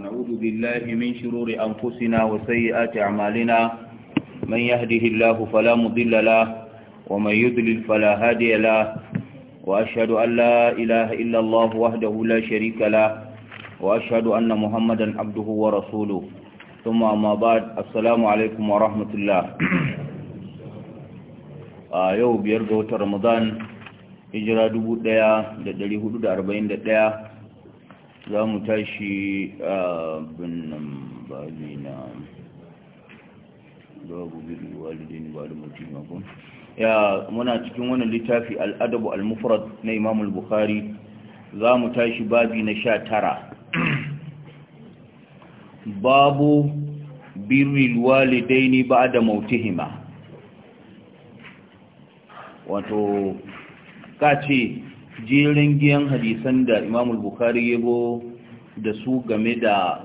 ونعوذ بالله من شرور أنفسنا وسيئات أعمالنا من يهده الله فلا مضل له ومن يضلل فلا هادي له وأشهد أن لا إله إلا الله وحده لا شريك له وأشهد أن محمدا عبده ورسوله ثم أما بعد السلام عليكم ورحمة الله a yau biyar ga watan ramadan hijira 1441 za mu tashi a binnan babi na babu biyu walidin ba da mutum makon ya muna cikin wani littafi al'adabu al-mufrad na imamul bukhari za mu tashi babi na sha tara babu walidai ne ba da mautihima wato kace jerin giyan hadisan da imamul bukari yabo da su game da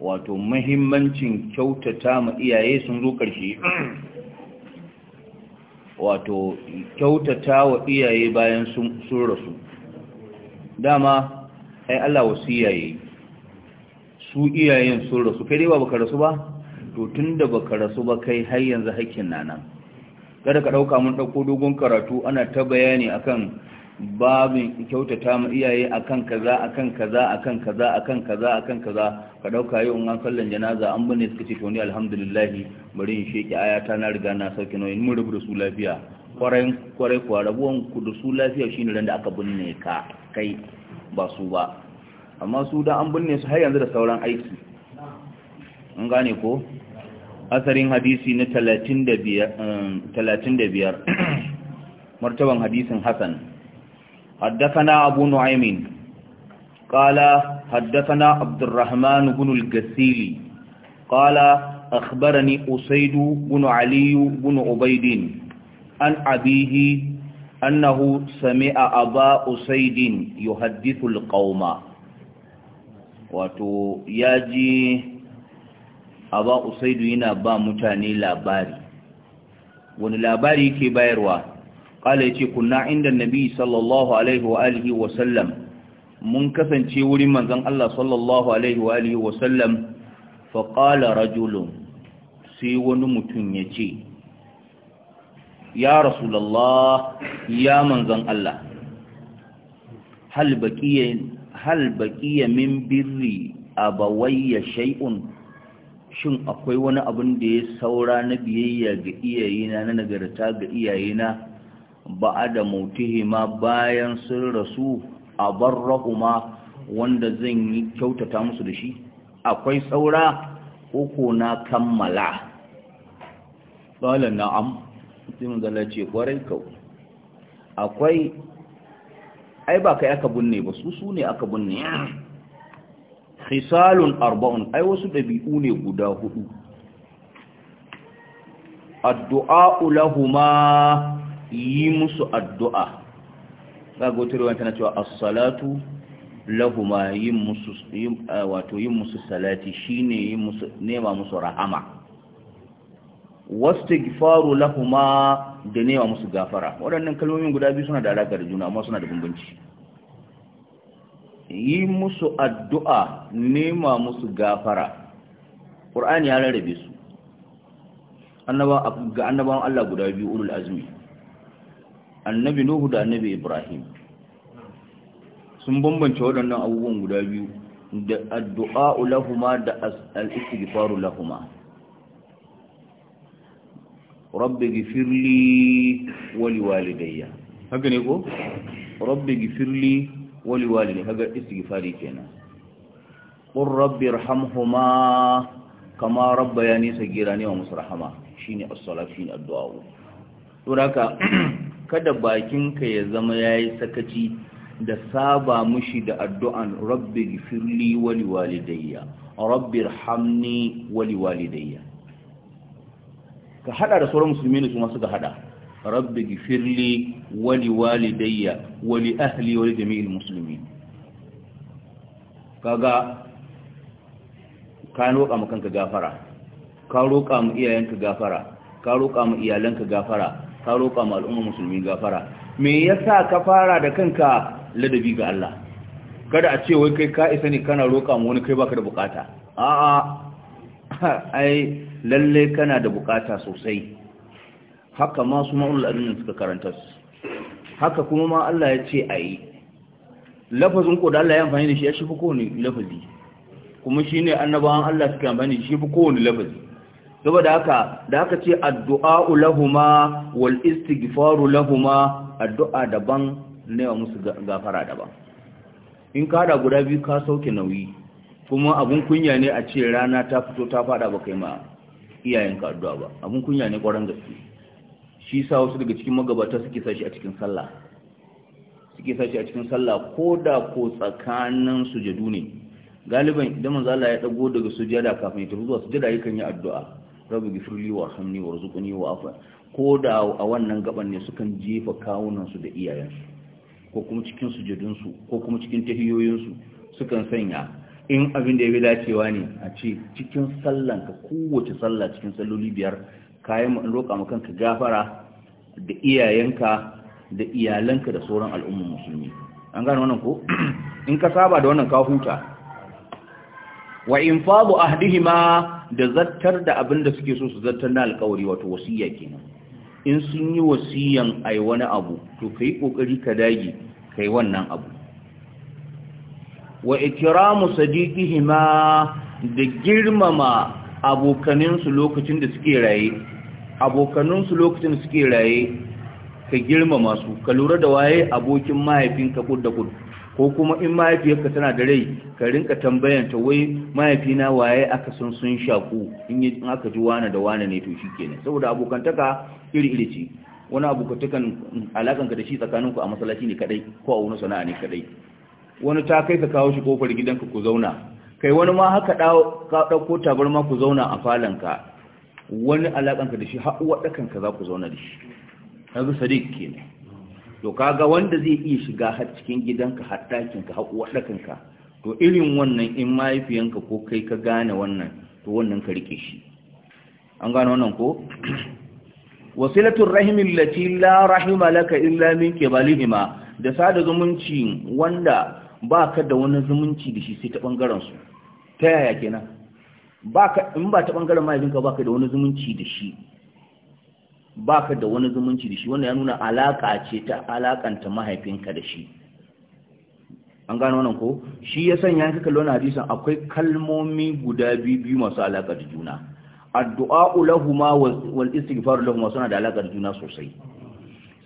wato mahimmancin kyautata ma iyaye sun zo ƙarshe wato kyautata wa iyaye bayan sun rasu dama ai Allah wasu iyaye su iyayen sun rasu kai dai ba baka rasu ba to tunda baka rasu ba kai har yanzu hakkin nana kada ka dauka mun dauko dogon karatu ana ta bayani akan babin kyautata mu iyaye akan kaza akan kaza akan kaza akan kaza akan kaza ka dauka yi unan sallan janaza an bane suka ce to ni alhamdulillah bari in sheki ayata na riga na sauke nauyin mun rubu da su lafiya kwarai kwarai kwa rabuwan ku da su lafiya shine ran da aka binne ka kai ba su ba amma su da an binne su har yanzu da sauran aiki an gane ko asarin hadisi na 35 eh, martaban hadisin hasan حدثنا أبو نعيم قال حدثنا عبد الرحمن بن الجسيلي قال أخبرني أسيد بن علي بن عبيد عن أبيه أنه سمع أبا أسيد يحدث القوم wato ya ji aba usaidu yana ba mutane labari wani labari ke bayarwa ya yace kunna inda nabi sallallahu alaihi wa alihi mun kasance wurin manzan Allah sallallahu alaihi wa alihi fa rajulun sai wani mutum yace ya rasulullah ya manzan Allah hal baqiya min birri abawayya shai'un shin akwai wani abin da ya saura na biyayya ga iyayena na nagarta ga iyayena ba'ada mautihima bayan sun rasu a barrahuma wanda zan yi kyautata musu da shi akwai saura uku na kammala qala na'am sai mun zalla ce kwarai kau akwai ai ba kai aka binne ba su su ne aka binne khisalun arba'un ai wasu dabi'u ne guda hudu addu'a lahumma yi musu addu'a ga wata tana cewa as-salatu lahuma yin musu eh, wato yin musu salati shi ne nema musu rahama wasu gifaru lahuma da nema musu gafara waɗannan kalmomin guda biyu suna da alaƙa da juna amma suna da bambanci yi musu addu'a nema musu gafara ƙur'ani ya rarrabe su annabawan Allah guda biyu ulul azmi annabi nuhu da annabi ibrahim sun bambance waɗannan abubuwan guda biyu da addu'a'u lahuma da al'istighfaru lahuma rabbi gifirli wali walidayya haka ne ko rabbi gifirli wali walidayya haka istighfari kenan qur rabbi irhamhuma kama rabbayani sagira ne wa musrahama shine as-salatu shine addu'a to haka kada bakinka ya zama ya yi sakaci da saba mushi da addu'an rabbi firli wali walidayya rabbi rahamni wali walidayya ka hada da sauran musulmi ne su masu ga hada rabbi firli wali walidayya wali ahli wali jami'il musulmi kaga ka roƙa mu kanka gafara ka roƙa mu iyayenka gafara ka roƙa mu iyalanka gafara ka roƙa ma al'umma musulmi gafara me yasa ka fara da kanka ladabi ga Allah kada a ce wai kai ka isa ne kana roƙa ma wani kai baka da bukata a'a ai lalle kana da bukata sosai haka ma su ma'ul ladin suka karanta su haka kuma ma Allah ya ce ai lafazin ko da Allah ya amfani da shi ya shi fi kowane lafazi kuma shi ne annabawan Allah suka amfani da shi fi kowane lafazi saboda haka da haka ce addu'a lahuma wal istighfar lahuma addu'a daban ne wa musu gafara daban in ka da guda biyu ka sauke nauyi kuma abun kunya ne a ce rana ta fito ta fada ba kai ma iyayenka addu'a ba abun kunya ne ƙwaron gaske shi sa wasu daga cikin magabata suke sashi a cikin sallah suke sashi a cikin sallah ko da ko tsakanin sujadu ne galiban idan manzo Allah ya dago daga sujada kafin ya tafi zuwa sujada yakan yi addu'a rabu gifirli wa hamni wa rizquni wa afa ko da a wannan gaban ne sukan jefa kawunan su da iyayensu ko kuma cikin sujudun su ko kuma cikin tahiyoyin su sukan sanya in abin da ya bi dacewa ne a ce cikin sallan ka kowace sallah cikin salloli biyar kayan mu roƙa mu kanka gafara da iyayenka da iyalanka da sauran al'ummar musulmi an gane wannan ko in ka saba da wannan ka huta wa infadu ahdihima da zartar da abin da suke so su zartar na alkawari wato wasiya kenan in sun yi wasiyan ai wani abu to kai ƙoƙari ka dage kai wannan abu wa ikramu sadiqihima da girmama abokaninsu lokacin da suke raye abokaninsu lokacin da suke raye ka girmama su ka lura da waye abokin mahaifinka kud da ko kuma in mahaifiyarka tana da rai ka rinka tambayan ta wai mahaifina waye aka sun sun shaku in yi aka ji wane da wane ne to shi shikenan saboda abokantaka iri iri ce wani abokantakan alakanka da shi tsakaninku a masallaci ne kadai ko a wani sana'a ne kadai wani ta kai ka kawo shi kofar gidanka ku zauna kai wani ma haka ka dauko tabarma ku zauna a falanka wani alakanka da shi har uwa dakan ka za ku zauna da shi yanzu sadiq kenan to kaga wanda zai iya shiga har cikin gidanka har ɗakinka har ka, to irin wannan in mahaifiyanka ko kai ka gane wannan to wannan ka rike shi an gane wannan ko wasilatul rahim allati la rahima laka illa min qibalihima da sada zumunci wanda baka da wani zumunci da shi sai ta bangaren su ta yaya kenan baka in ba ta bangaren mahaifinka baka da wani zumunci da shi baka da wani zumunci da shi wannan ya nuna alaka ce ta alakanta mahaifinka da shi an gano wannan ko shi ya sanya ka kallo na hadisin akwai kalmomi guda biyu masu alaka da juna addu'a lahuma wal istighfar lahuma suna da alaka da juna sosai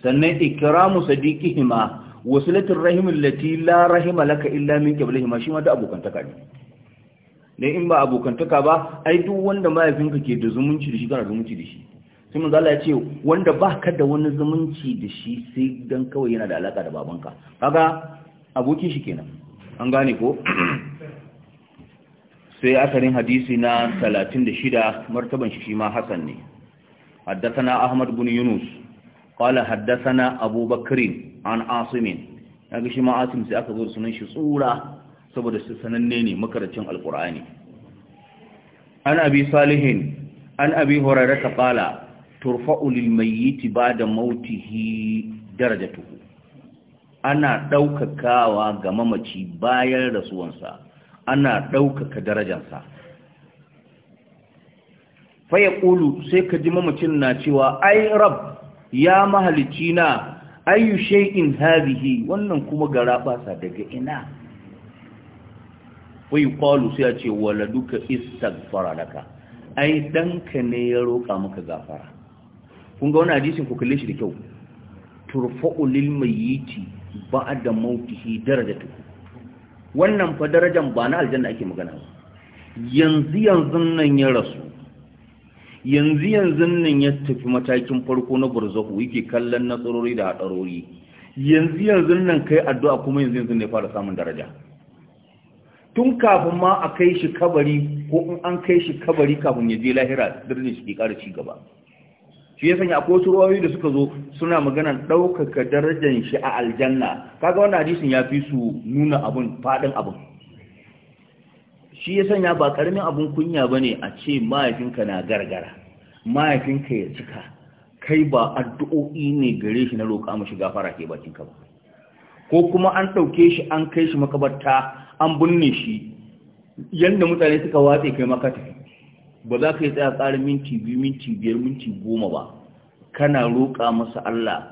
sannan ikramu sadiqihima wasilatul rahimin lati la rahima laka illa min qablihima shi ma da abokantaka ne dan in ba abokantaka ba ai duk wanda mahaifinka ke da zumunci da shi kana zumunci da shi sai mun Allah ya ce wanda ba ka da wani zumunci da shi sai dan kawai yana da alaka da babanka kaga abokin shi kenan an gane ko sai asarin hadisi na 36 martaban shi ma hasan ne haddathana ahmad bin yunus qala haddathana Abubakarin an عن عاصم kaga shi ma asim sai aka zo sunan shi tsura saboda su sananne ne makarancin alkur'ani an abi salihin an abi hurairah qala turfa'u lil mayyiti ba'da mautihi darajatuhu ana daukakawa ga mamaci bayan rasuwansa ana daukaka sa. fa ƙulu sai ka ji mamacin na cewa ai rab ya mahalici na ayu shay'in hadhihi wannan kuma gara basa daga ina wai qalu sai ya ce waladuka istaghfara laka ai danka ne ya roka maka gafara kun ga wani hadisin ku kalle shi da kyau turfa'u lil mayyiti ba'da mautihi darajatu wannan fa darajan ba na aljanna ake magana ba yanzu yanzu nan ya rasu yanzu yanzu nan ya tafi matakin farko na barzahu yake kallon nasarori da hadarori yanzu yanzu nan kai addu'a kuma yanzu yanzu ne fara samun daraja tun kafin ma a kai shi kabari ko in an kai shi kabari kafin ya je lahira darajar shi ke ƙara ci gaba shi ya sanya akwai wasu da suka zo suna magana ɗaukaka darajar shi a aljanna kaga wannan hadisin ya fi su nuna abun faɗin abun shi ya sanya ba ƙaramin abun kunya ba ne a ce mahaifinka na gargara mahaifinka ya cika kai ba addu'o'i ne gare shi na roƙa mashi gafara ke bakinka ba ko kuma an ɗauke shi an kai shi makabarta an binne shi yadda mutane suka watse kai maka tafi ba za ka yi tsaya tsarin minti biyu minti biyar minti goma ba kana roƙa masa Allah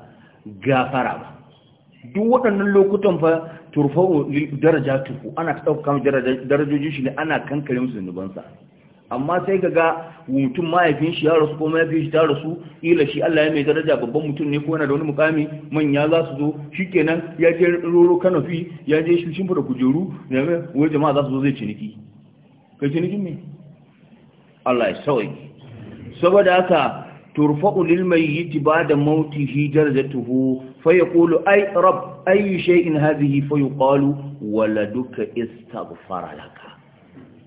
gafara ba duk waɗannan lokutan fa turfawo daraja tufu ana ɗauka darajojin shi ne ana kankare musu zunubansa amma sai ka ga mutum mahaifin shi ya rasu ko mahaifin shi ta rasu ila shi Allah ya mai daraja babban mutum ne ko yana da wani mukami manya za su zo shi kenan ya je roro fi ya je shi shimfa da kujeru ne wai jama'a za su zo zai ciniki kai cinikin me Allah ya sauki saboda haka turfa'u lil mayyit ba'da mautihi darajatuhu fa yaqulu ay rab ay shay'in hadhihi fa yuqalu waladuka istaghfara laka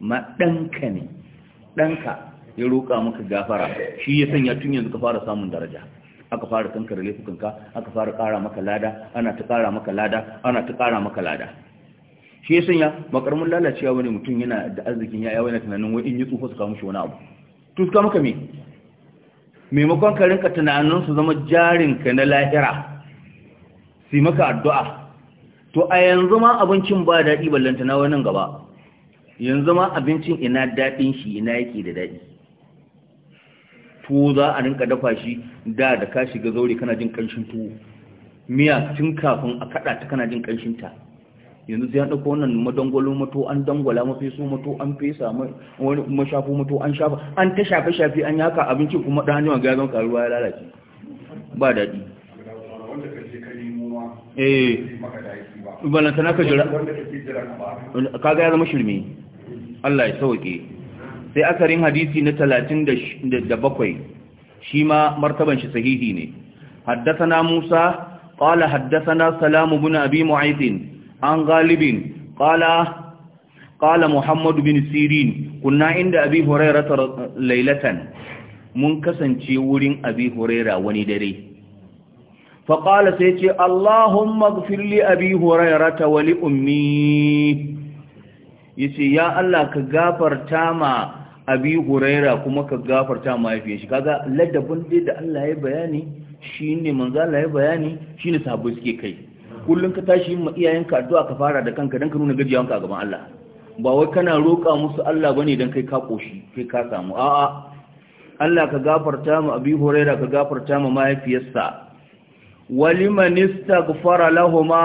ma danka ne danka ya roka maka gafara shi ya sanya tun yanzu ka fara samun daraja aka fara kankare laifukanka aka fara kara maka lada ana ta kara maka lada ana ta kara maka lada shi ya sanya makarmin lalacewa wani mutum yana da arzikin ya'ya yawon tunanin wai in yi tsufa su kawo wani abu to su maka me maimakon ka rinka tunanin su zama jarinka na lahira su maka addu'a to a yanzu ma abincin ba daɗi ballanta na wani gaba yanzu ma abincin ina daɗin shi ina yake da daɗi tuwo za a rinka dafa shi da da ka shiga zaure kana jin ƙanshin tuwo miya tun kafin a kaɗa ta kana jin ƙanshin yanzu sai an ɗauko wannan madangwalo mato an dangwala mafeso mato an fesa wani mashafo mato an shafa an ta shafe-shafe an yaka abinci kuma ɗan hanyar gazon karuwa ya lalace ba daɗi eh balantana ka jira ka ga ya zama shirme Allah ya sauke sai asarin hadisi na talatin da bakwai shi ma martaban shi sahihi ne haddasa na musa haddasa na salamu bin abi mu'aizin an galibin qala Muhammadu bin sirin kunna inda abi ta laylatan mun kasance wurin abi hurairah wani dare fa sai ce allahumma ighfir abi hurairah wa li ummi ce, ya allah ka gafarta ma abi huraira kuma ka gafarta mahaifiyar shi kaga ladabin da Allah ya bayani shine manzo Allah ya bayani shine sabo suke kai kullum ka tashi yin ma iyayenka addu'a ka fara da kanka don ka nuna gajiyawanka ga gaban Allah ba wai kana roƙa musu Allah bane don kai ka koshi kai ka samu a'a Allah ka gafarta mu Abi Huraira ka gafarta mu mahaifiyarsa waliman istaghfara lahumu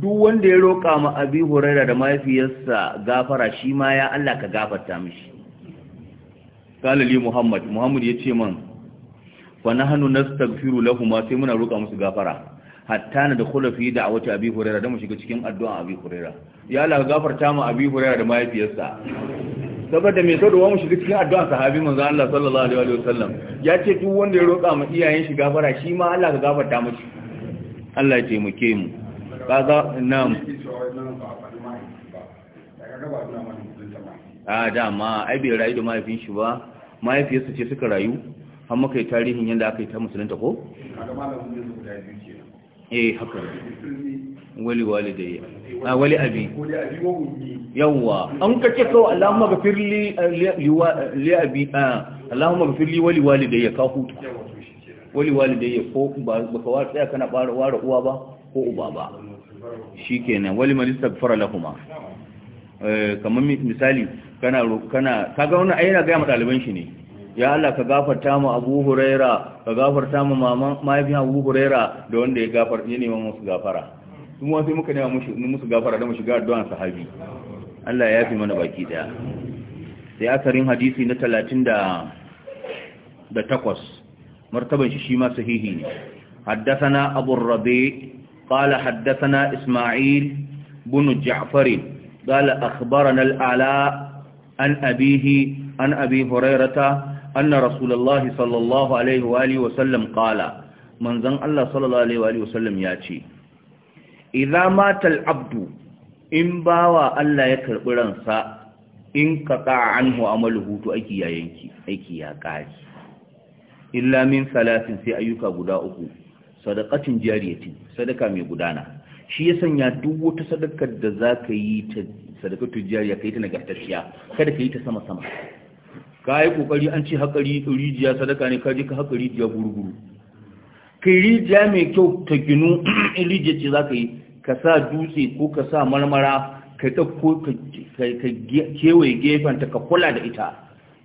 duk wanda ya roƙa ma Abi Huraira da mahaifiyarsa gafara shi ma ya Allah ka gafarta mishi kalali Muhammad Muhammad yace man fa nahnu nastaghfiru lahumu sai muna roƙa musu gafara hatta na da kula fi da a wace abi hurera da mu shiga cikin addu'a abi hurera ya Allah ka gafarta mu abi hurera da mahaifiyarsa saboda me sau da wa mu shiga cikin addu'a sahabi manzo Allah sallallahu alaihi wa sallam ya ce duk wanda ya roƙa mu iyayen shi gafara shi ma Allah ka gafarta mu Allah ya taimake mu kaga na'am a dama ai bai rayu da mahaifin shi ba mahaifiyarsa ce suka rayu har muka yi tarihin yadda aka yi ta musulunta ko? kaga malamin yanzu guda biyu ke eh haka wali walidayya a ah, wali abi yawwa an kace kawai Allahumma ghafir li li abi ah, Allahumma ghafir li wali walidayya ka hutu wali walidayya ko ba ka wa tsaya kana fara ware uwa ba ko uba ba shikenan wali man istaghfara lahumma eh, kamar misali kana kana kaga wannan ayyana ga mu daliban shi ne ya Allah ka gafarta mu Abu Huraira ka gafarta mu maman mahaifin Abu Huraira da wanda ya gafar ya nema musu gafara sun wasu muka nema musu gafara da mu shiga addu'an sahabi Allah ya yafi mana baki daya sai asarin hadisi na 30 da da takwas martaban shi shi sahihi ne haddathana Abu Rabi qala haddathana Isma'il bin Ja'far قال أخبرنا الأعلاء عن أبيه عن أبي هريرة anna rasulullahi sallallahu alaihi wa alihi wa sallam qala manzon Allah sallallahu alaihi wa alihi wa sallam ya idza mata al-abdu in bawa Allah ya karbi ransa in qata anhu amaluhu to aiki ya yanki aiki ya kare illa min salatin sai ayyuka guda uku sadaqatin jariyatin sadaka mai gudana shi ya sanya duk wata sadakar da za ka yi ta sadakar tujjariya ka yi ta nagartacciya kada ka yi ta sama-sama ka yi kokari an ci haƙari rijiya sadaka ne ka je ka haƙa rijiya guruguru kai rijiya mai kyau ta ginu in rijiya ce za ka yi ka sa dutse ko ka sa marmara ka ko ka kewaye gefenta ka kula da ita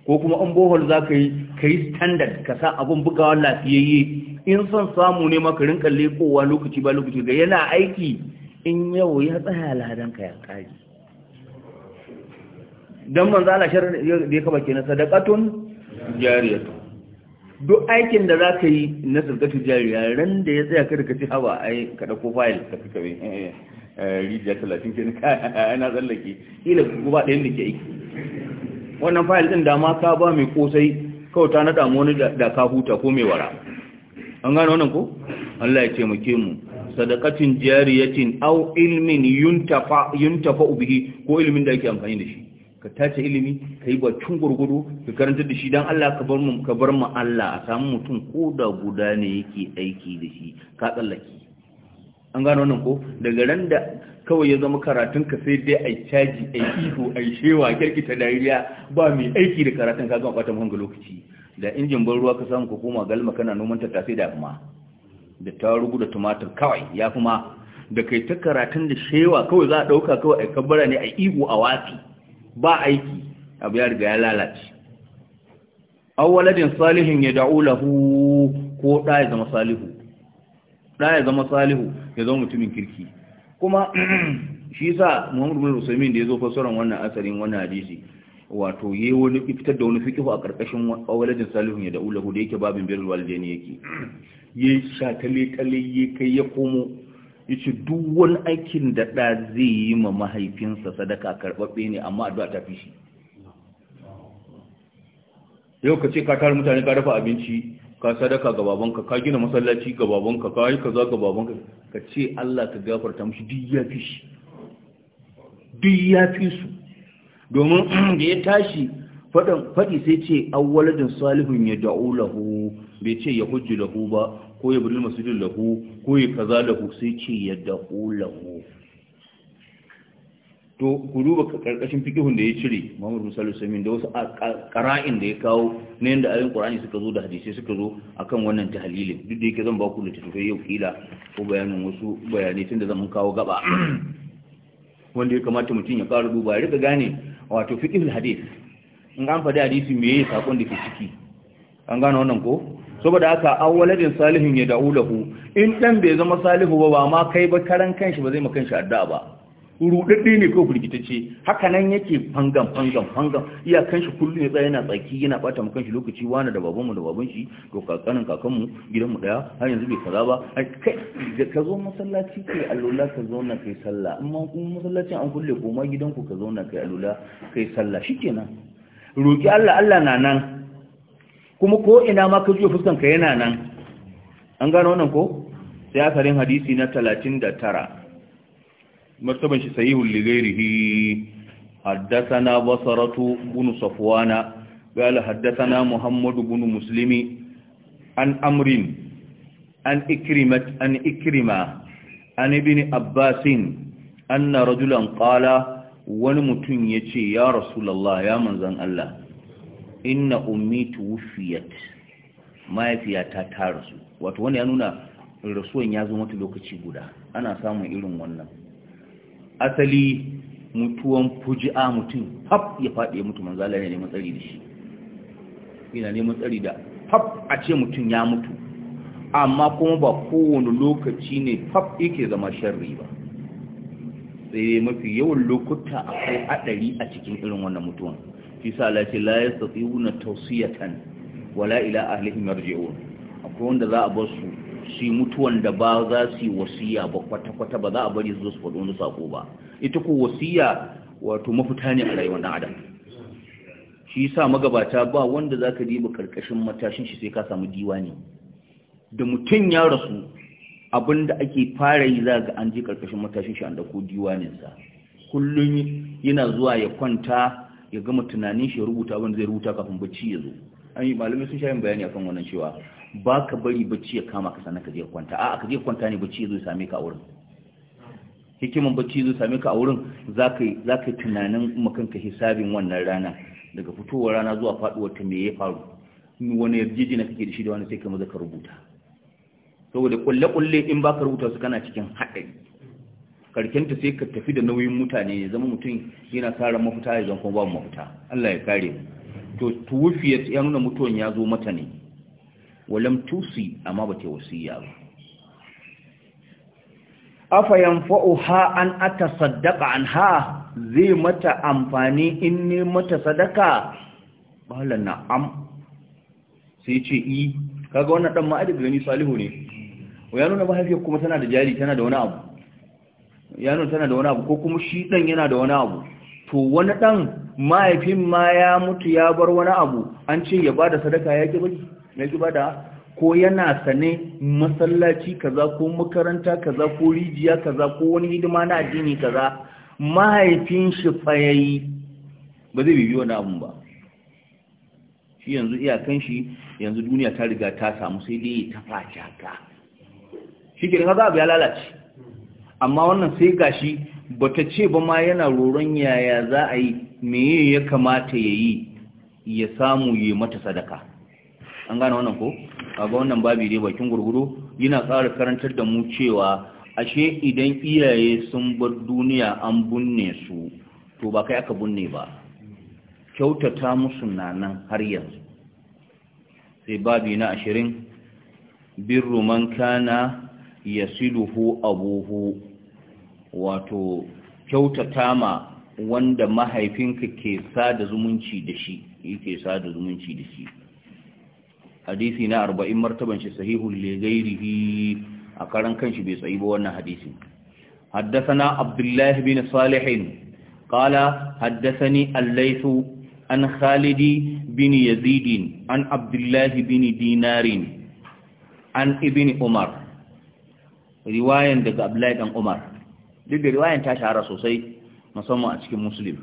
ko kuma an bohol za ka yi ka yi standard ka sa abin bugawa lafiyayye in son samu ne maka rinka lekowa lokaci ba lokaci ga yana aiki in yau ya tsaya ladan ka ya kaji don manzo Allah sharar da ya kaba kenan sadaqatun jariyatu duk aikin da zaka yi na sadaqatu jariya ran da ya tsaya kada ka ci hawa, ai ka dauko file ka kika bi eh, eh, eh, rijiya talatin kenan ana tsallake ila guba ɗayan da ke aiki wannan file din da ma ka ba mai kosai kawai ta nada mu wani da ka huta ko mai wara an gane wannan ko Allah ya taimake mu sadaqatin jariyatin aw ilmin yuntafa yuntafa bihi ko ilmin da ake amfani da shi ka tace ilimi ka yi bakin gurgudu ka karanta da shi don Allah ka bar mu ka bar mu Allah a samu mutum ko da guda ne yake aiki da shi ka tsallaki an gano nan ko daga ran da kawai ya zama karatun ka sai dai ai caji ai ihu ai shewa kirkita dariya ba mai aiki da karatun ka zama bata ga lokaci da injin ban ruwa ka samu ka koma galma kana noman tafi da kuma da tarugu da tumatir kawai ya fi da kai ta karatun da shewa kawai za a ɗauka kawai a kabbara ne a ihu a watsi ba aiki abu ya riga ya lalace awwaladin salihin ya da'u lahu ko da ya zama salihu da ya zama salihu ya zama mutumin kirki kuma shi sa Muhammadu bin Usaimin da ya zo fasaran wannan asalin wannan hadisi wato yi wani fitar da wani fikihu a ƙarƙashin awwaladin salihun ya da'u lahu da yake babin birrul ne yake sha shatale kale ya kai ya komo yace duk wani aikin da da zai yi ma mahaifinsa sadaka karbabbe ne amma addu'a ta fi shi yau ka ce ka tare mutane ka dafa abinci ka sadaka ga babanka ka gina masallaci ga babanka ka yi kaza ga babanka ka ce Allah ka gafarta mushi duk ya fi shi duk ya fi su domin da ya tashi faɗi sai ce awwaladin salihun ya da'u lahu bai ce ya hujju lahu ba ko ya buri masujin lahu ko ya kaza lahu sai ce ya dahu lahu to ku duba karkashin fikihun da ya cire Muhammadu Musa Salih da wasu ƙara'in da ya kawo na yadda ayin Qur'ani suka zo da hadisai suka zo akan wannan ta halilin duk da yake zan ba ku littattafai yau kila ko bayanin wasu bayanai da zan kawo gaba wanda ya kamata mutum ya fara duba ya riga gane wato fiqhul hadis in an faɗi hadisi me yake saƙon da ke ciki an gane wannan ko saboda haka an waladin salihin ya da'u lahu in dan bai zama salihu ba ba ma kai ba karan kanshi ba zai maka kanshi adda ba rudaddi ne ko firgitacce haka nan yake fangan fangan fangan iya kanshi kullun ya tsaya yana tsaki yana bata maka kanshi lokaci wani da babanmu da baban shi to kakanin kakanmu gidanmu daya har yanzu bai kaza ba kai da ka zo masallaci kai alula ka zauna kai sallah amma kuma masallacin an kulle koma gidanku ka zauna kai alula kai sallah shikenan roki Allah Allah na nan kuma ko ina ma ka juya fuskanka yana nan an gano wannan ko sai asarin hadisi na 39 martaban shi sahihul lighairihi haddathana basaratu bin safwana قال حدثنا محمد بن مسلم عن أمر عن إكرمة عن إكرمة عن ابن عباس أن رجلا قال ونمتن يتي يا رسول الله يا منزن الله inna ummi tuwfiyat mahaifiyata ta rasu wato wanda ya nuna rasuwan ya zo mata lokaci guda ana samun irin wannan asali mutuwan fuji'a mutum haf ya faɗi ya mutu manzala ne neman tsari da shi yana neman tsari da haf a ce mutum ya mutu amma kuma ba kowane lokaci ne haf yake zama sharri ba sai mafi yawan lokuta akwai haɗari a cikin irin wannan mutuwan shi sa Allah ce la yastati'una tawsiyatan wala ila ahlihim yarji'un akwai wanda za a bar su su mutuwan da ba za su yi wasiya ba kwata-kwata ba za a bari su zo su faɗo wani sako ba ita ko wasiya wato mafita ne a rayuwar dan adam shi sa magabata ba wanda za ka diba karkashin matashin shi sai ka samu diwani da mutum ya rasu abinda ake fara yi za ga an je karkashin matashin shi an dauko diwaninsa kullum yana zuwa ya kwanta ya gama tunanin shi ya rubuta wanda zai rubuta kafin bacci ya zo an yi malamai sun shayin bayani akan wannan cewa ba ka bari bacci ya kama ka sannan ka je kwanta a'a ka je kwanta ne bacci ya zo ya same ka a wurin hikiman bacci ya zo ya same ka a wurin za ka yi tunanin makanka hisabin wannan rana daga fitowar rana zuwa faduwar ta me ya faru wani na kake da shi da wani sai ka maza ka rubuta saboda kulle-kulle in ba ka rubuta su kana cikin haɗari karkenta sai ka tafi da nauyin mutane ya zama mutum yana kare mafuta ya zama kuma ba mafita Allah ya kare to tuwufiyat ya nuna mutuwan ya zo mata ne walam tusi amma ba ta wasiya ba afa ha an atasaddaqa ha, zai mata amfani in ne mata sadaka bala na'am sai ce i e, kaga wannan dan ma'adi gani salihu ne wa ya nuna mahaifiyar kuma tana da jari tana da wani abu ya nuna tana da wani abu ko kuma shi ɗan yana da wani abu to wani ɗan mahaifin ma ya mutu ya bar wani abu an ce ya bada sadaka ya ƙi ba da ko yana sane masallaci kaza ko makaranta kaza ko rijiya kaza ko wani hidima na addini kaza mahaifin shi fayayi ba zai bibiyo wani abun ba shi yanzu iyakan shi yanzu duniya ta riga ta samu sai dai ta faca ka shi ke za a biya lalace amma wannan sai gashi bata ce ba ma yana roron yaya za a yi meye ya kamata ya yi ya samu yi mata sadaka an gane wannan ko a ga wannan babi dai bakin gurguru yana tsara karantar da mu cewa ashe idan iyaye sun bar duniya an bunne su to ba kai aka bunne ba kyautata musu nanan har yanzu sai babi na ashirin birru man kana yasiluhu abuhu wato kyautata ma wanda mahaifinka ke sada zumunci da shi yake sada zumunci da shi hadisi na arba'in martaban shi sahihun legairihi a karan kanshi bai tsayi ba wannan hadisin haddasana abdullahi bin salihin qala haddasani allaisu an khalidi bin yazidin an abdullahi bin dinarin an Ibni umar riwayan daga abdullahi dan umar duk da riwayan ta shahara sosai musamman a cikin muslim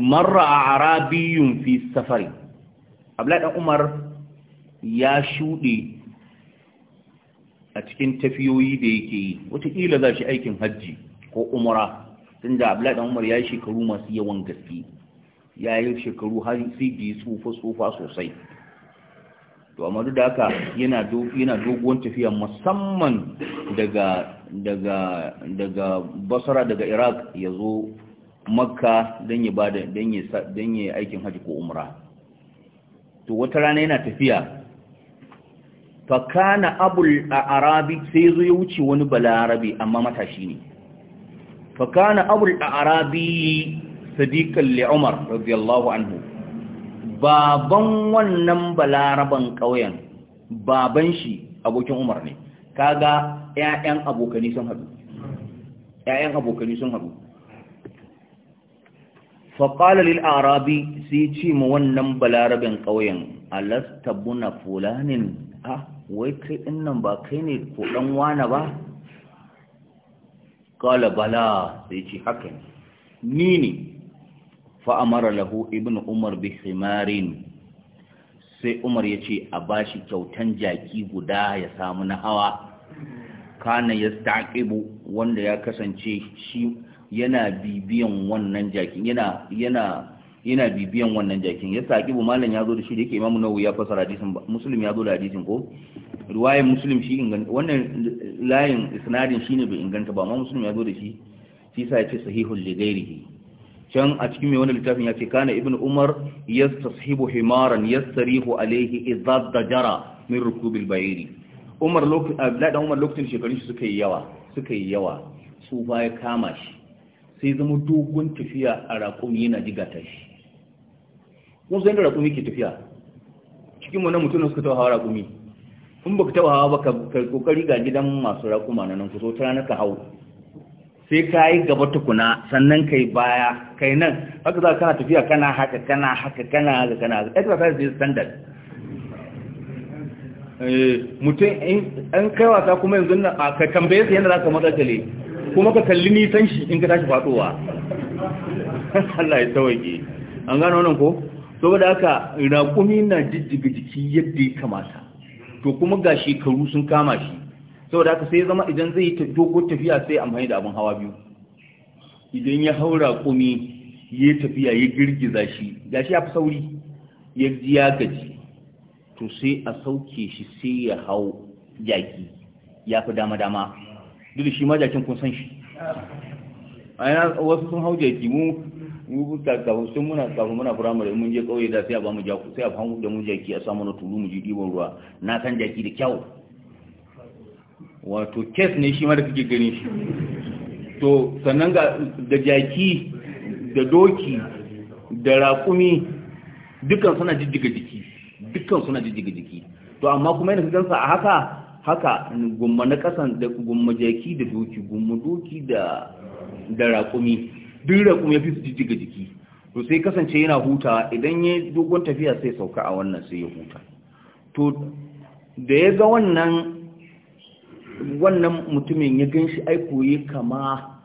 marra a arabiyun fi safari abladan umar ya shuɗe a cikin tafiyoyi da yake yi wataƙila za shi aikin hajji ko umara tun da abladan umar ya yi shekaru masu yawan gaske ya yi shekaru har sai da ya tsufa-tsufa sosai to amma duk da haka yana doguwan tafiya musamman daga daga daga basra daga iraq ya zo makka don ya bada don ya aikin hajji ko umra to wata rana yana tafiya fa kana abul arabi sai zo ya wuce wani balarabi amma matashi ne fa kana abul arabi sadiqan li umar radiyallahu anhu baban wannan balaraban ƙauyen baban shi abokin umar ne kaga ƴaƴan abokani sun haɗu ƴaƴan abokani sun haɗu faƙalar al'arabi sai ce ma wannan balarabin ƙauyen alasta buna fulanin ha ah, wai kai innan ba kai ne koɗan wana ba ƙala bala sai ce haka ni ne fa'amara lahu ibn umar bi himarin sai umar ya ce a shi kyautan jaki guda ya samu na hawa kana yastaqibu wanda ya kasance shi yana bibiyan wannan jakin yana yana yana bibiyan wannan jakin yastaqibu malan yazo da shi da yake imamu nawawi ya fasara hadisin muslim yazo da hadisin ko riwayar muslim shi inganta wannan layin isnadin ne bai inganta ba amma muslim zo da shi shi sa yace sahihul li ghairihi can a cikin mai wani littafin ya ce kana ibn umar yastashibu himaran yastarihu alayhi idza dajara min rukubil bayri umar lokacin umar lokacin shekarun shi suka yi yawa suka yi yawa su ba ya kama shi sai zama dogon tafiya a raƙumi yana jiga ta shi kun san da raƙumi ke tafiya cikin na mutum suka taɓa hawa raƙumi in baka taɓa hawa ba ka kokari ga gidan masu raƙuma na nan ku so ta ranar ka hau sai ka yi gaba tukuna sannan ka yi baya kai nan haka za ka tafiya kana haka kana haka kana haka kana haka yi ne standard Eh, mutum an kai wasa kuma yanzu na ka tambaye su yadda za ka kuma ka kalli nisan shi in ka tashi faɗowa Allah ya tawage an gano wannan ko saboda haka raƙumi na jijjiga jiki yadda ya kamata to kuma ga shekaru sun kama shi saboda haka sai zama idan zai yi dogo tafiya sai amfani da abin hawa biyu idan ya hau raƙumi ya tafiya ya girgiza shi gashi ya fi sauri ya ji ya gaji to sai a sauke shi sai ya hau jaki ya fi dama-dama duk shi ma jakin kun san shi wasu sun hau jaki mu kafin sun muna kafin muna firamare mun je kauye da sai a ba mu jaku sai a hangu da mu jaki a samu na tulu mu ji ɗiban ruwa na san jaki da kyau wato kes ne shi ma da kake gani shi to sannan ga da jaki da doki da raƙumi dukkan suna jijjiga jiki dukkan suna jijjigi to amma kuma yana sa a haka haka gumma na kasan da gumma jaki da doki gumma doki da da raƙumi duk raƙumi ya fi su jijjiga jiki to sai kasance yana hutawa idan ya dogon tafiya sai sauka a wannan sai ya huta to da ya ga wannan wannan mutumin ya gan shi koyi kama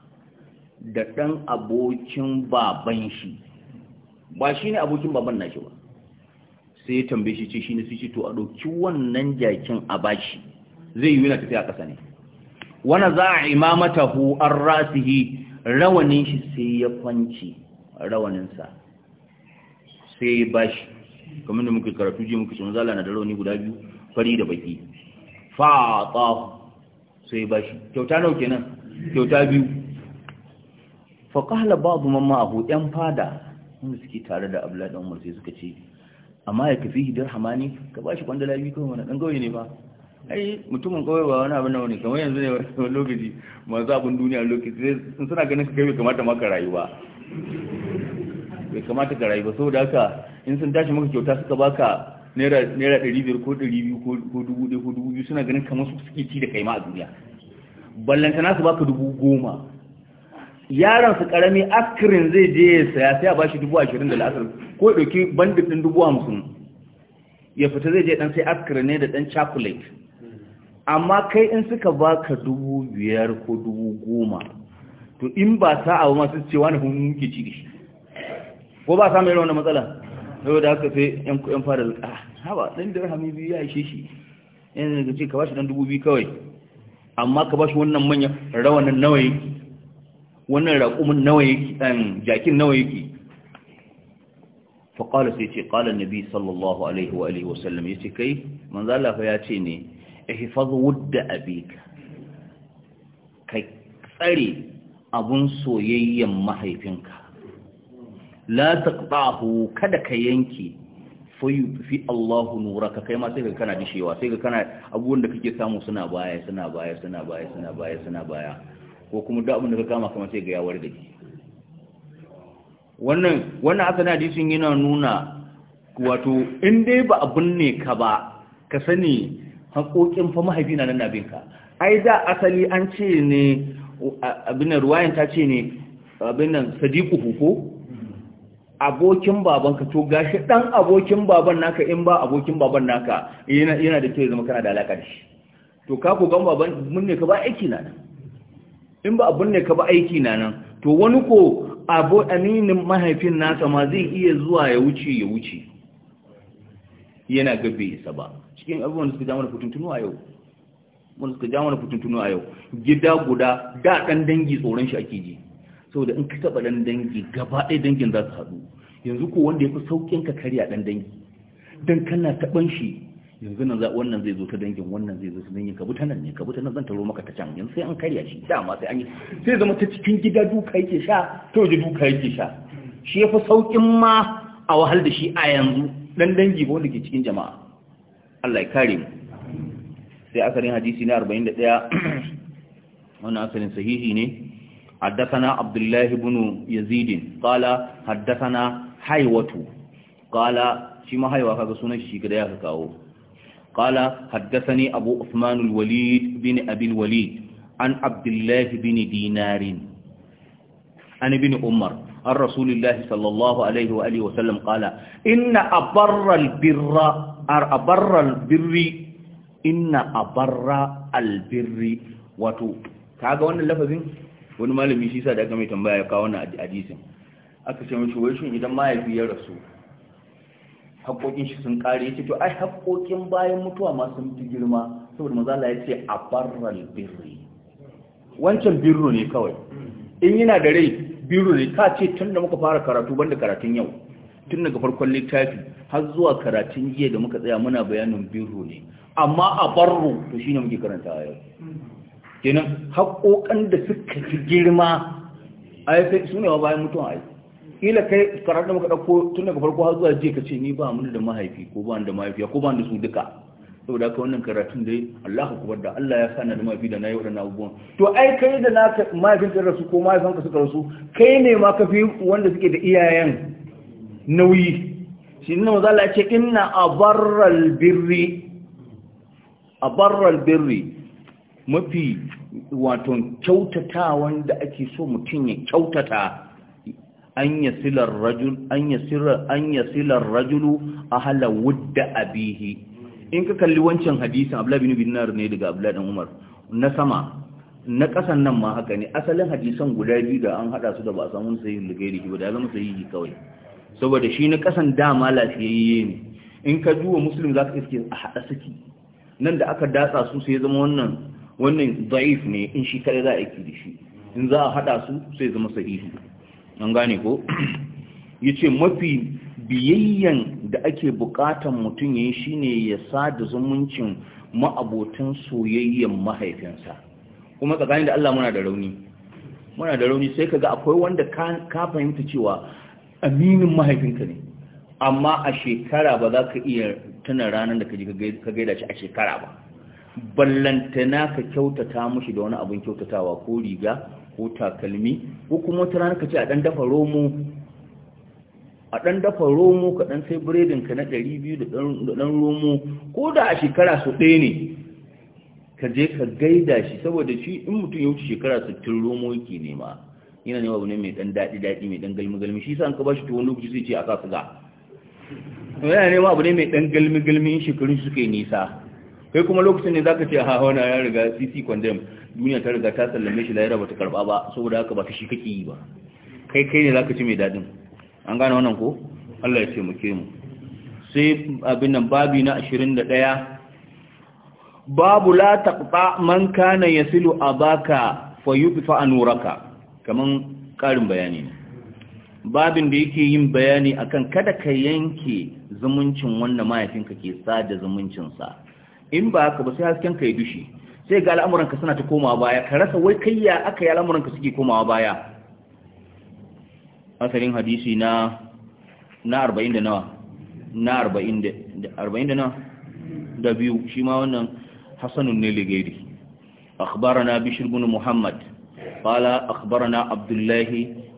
da ɗan abokin baban shi ba shi ne abokin baban nashi ba sai ya tambaye shi ce ne sai ce to a ɗauki wannan jakin a bashi zai yi yana tafiya ƙasa ne wani za a hu an rasihi rawanin shi sai ya kwanci rawaninsa sai ya bashi kamar da muke karatu ji muke sun zala na da rawani guda biyu fari da baki fa'ata sai ya bashi kyauta nau kenan kyauta biyu faƙala babu mamma abu ɗan fada wanda suke tare da abu ladan umar sai suka ce amma ya kafi hidar hamani ka ba shi kwandala biyu kawai wani ɗan gauye ne ba ai mutumin kawai ba wani abin da wani kamar yanzu ne wani lokaci masu abin duniya lokaci sun suna ganin ka kai bai kamata maka rayu ba bai kamata ka rayu ba saboda haka in sun tashi maka kyauta suka baka naira naira ɗari biyar ko ɗari biyu ko dubu ɗaya ko dubu biyu suna ganin kamar su suke ci da kaima a duniya ballantana su baka dubu goma yaron su karami askirin zai je ya saya sai a bashi dubu ashirin da la'asar ko ɗauki bandit ɗin dubu hamsin ya fita zai je ɗan sai askirin ne da ɗan chocolate amma kai in suka baka dubu biyar ko dubu goma to in ba sa abu masu cewa na hun muke ciki ko ba sa mai wani matsala yau da haka sai yan fara zuka ah, haba ɗan rahami biyu ya ishe shi yanzu daga ce ka bashi ɗan dubu biyu kawai amma ka bashi wannan manyan rawanin nawa yake wannan raƙumin nawa yake ɗan jakin nawa yake faƙala sai ce ƙala nabi sallallahu alaihi wa alihi wasallam ya ce kai manzala fa ya ce ne ihfaz wudda abika ka tsare abun soyayyen mahaifinka la taqtahu kada ka yanki, fi Allahu nura ka kai ma sai ka kana dishewa sai ka kana abubuwan da kake samu suna baya suna baya suna baya suna baya suna baya ko kuma da abin da ka kama kamar sai ga ya ji wannan wannan asalin hadisin yana nuna wato in dai ba abin ne ka ba ka sani haƙoƙin fa mahaifi na nan ka. ai da asali an ce ne abin da ruwayan ta ce ne abin nan sadiqu huko abokin baban ka to gashi dan abokin baban naka in ba abokin baban naka yana da kyau zama kana da alaka da shi to ka ko gan baban mun ne ka ba aiki na nan in ba abun ne ka ba aiki na nan to wani ko abu aminin mahaifin nasa ma zai iya zuwa ya wuce ya wuce yana gabe isa ba cikin abubuwan da suka mana fitintunu a yau wanda suka mana fitintunu a yau gida guda da ɗan dangi tsoron shi ake ji saboda in ka taɓa ɗan dangi gaba ɗaya dangin za su haɗu yanzu ko wanda ya fi sauƙin ka karya ɗan dangi don kana taɓan shi yanzu nan za wannan zai zo ta dangin wannan zai zo ta dangin kabuta nan ne kabuta nan zan taro maka ta can yanzu sai an karya shi dama sai an yi sai zama ta cikin gida duka yake sha to ji duka yake sha shi yafi saukin ma a wahal da shi a yanzu dan dangi ba wanda ke cikin jama'a Allah ya kare mu sai asalin hadisi na 41 wannan asalin sahihi ne حدثنا عبد الله بن يزيد قال حدثنا حيوة قال شي ما حيوة kaga sunan shi كذا ya kawo قال حدثني أبو عثمان الوليد بن أبي الوليد عن عبد الله بن دينار عن ابن عمر عن رسول الله صلى الله عليه وآله وسلم قال إن أبر البر أبر البر إن أبر البر وتو kaga wannan lafazin wani malami shi sa da aka mai tambaya ka wannan hadisin aka ce mishi wai shin idan mahaifi ya rasu haƙoƙin shi sun ƙare yace to ai haƙoƙin bayan mutuwa ma sun fi girma saboda mazala Allah ce a barral birri wancan birro ne kawai in yana da rai birro ne ka ce tun da muka fara karatu banda karatun yau tun daga farkon littafi har zuwa karatun jiya da muka tsaya muna bayanin birro ne amma a barro to shine muke karanta yau kenan haƙoƙan da suka fi girma ai sai sunewa bayan mutuwa ai kila kai karar da muka dauko tun daga farko har zuwa jiya kace ni ba mu da mahaifi ko ba da mahaifiya ko ba da su duka saboda haka wannan karatun dai Allah ku da Allah ya sa na da mahaifi da nayi wadannan abubuwan to ai kai da naka mahaifin da rasu ko mahaifin ka suka rasu kai ne ma ka fi wanda suke da iyayen nauyi shi ne maza Allah ya ce inna abarral birri abarral birri mafi wato kyautata wanda ake so mutum ya kyautata an yasilar rajul an yasira an yasilar rajulu ahla wudda abihi in ka kalli wancan hadisin abla bin binnar ne daga abla dan Umar na sama na kasan nan ma haka ne asalin hadisan guda biyu da an hada su da ba a samu sahihi ligairi ba da zama sahihi kawai saboda shi na kasan dama lafiyayye ne in ka duwa muslim zaka iske a hada saki? nan da aka datsa su sai zama wannan wannan da'if ne in shi kare za a yi da shi in za a hada su sai zama sahihi an gane ko yace mafi biyayyan da ake bukatan mutum yayi shine ya sa da zumuncin ma'abotan soyayyen mahaifinsa kuma tsakanin da Allah muna da rauni muna da rauni sai kaga akwai wanda ka fahimta cewa aminin mahaifinka ne amma a shekara ba za ka iya tana ranar da ka gaida shi a shekara ba ballantana ka kyautata mushi da wani abin kyautatawa ko riga ko takalmi ko kuma wata rana ka ce a dan dafa romo a dan dafa romo ka dan sai biredin ka na 200 da dan romo ko da a shekara su ɗaya ne ka je ka gaida shi saboda shi in mutum ya wuce shekara 60 romo yake nema yana nema abu ne mai dan daɗi daɗi mai dan galmi galmi shi sa an ka bashi to wani lokaci sai ce a ka ga yana nema abu ne mai dan galmi galmi in shekarun suka yi nisa kai kuma lokacin ne zaka ce ha hauna ya riga cc condemn duniya ta riga ta sallame shi lahira bata karba ba saboda haka ba ta shi kake yi ba kai kai ne zaka ci mai dadin an gane wannan ko Allah ya taimake mu sai abin nan babi na 21 babu la taqta man kana yasilu abaka fayubfa anuraka kaman karin bayani ne babin da yake yin bayani akan kada ka yanke zumuncin wanda mahaifinka ke sada zumuncinsa in ba haka ba sai hasken ka ya dushi sai ga al'amuranka suna ta komawa baya ka rasa wai kai ya aka yi al'amuranka suke komawa baya asalin hadisi na na 40 da nawa na 40 da 40 da nawa da biyu shi ma wannan hasanu ne ligeri akhbarana bishr ibn muhammad qala akhbarana abdullah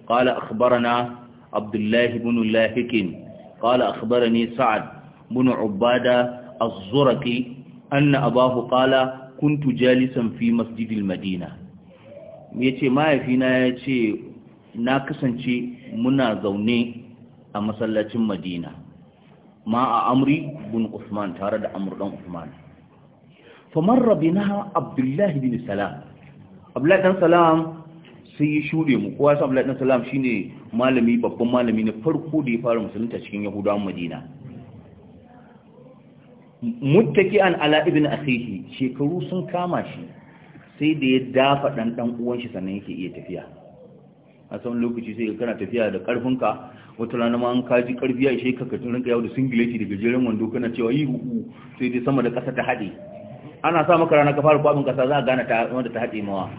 qala akhbarana abdullah ibn lahikin qala akhbarani sa'ad ibn ubada az-zurqi anna abahu qala kuntu jalisan fi masjidil madina ya ce mahaifina ya ce na kasance muna zaune a masallacin madina ma a amri bin usman tare da amurdan usman famar rabina abdullahi bin salam abdullahi dan salam sai ya shure mu kowa sa abdullahi dan salam shine malami babban malami na farko da ya fara musulunta cikin yahudawan madina Mutaki ala ibn akhihi shekaru sun kama shi sai da ya dafa dan dan uwan shi sannan yake iya tafiya a san lokaci sai kana tafiya da ƙarfinka, wata rana ma an kaji karfi ya ishe ka ka rinka yawo da singileti daga jerin wando kana cewa yi hu sai dai sama da kasa ta hade ana sa maka rana ka fara kwabin kasa za a gane ta wanda ta hade mawa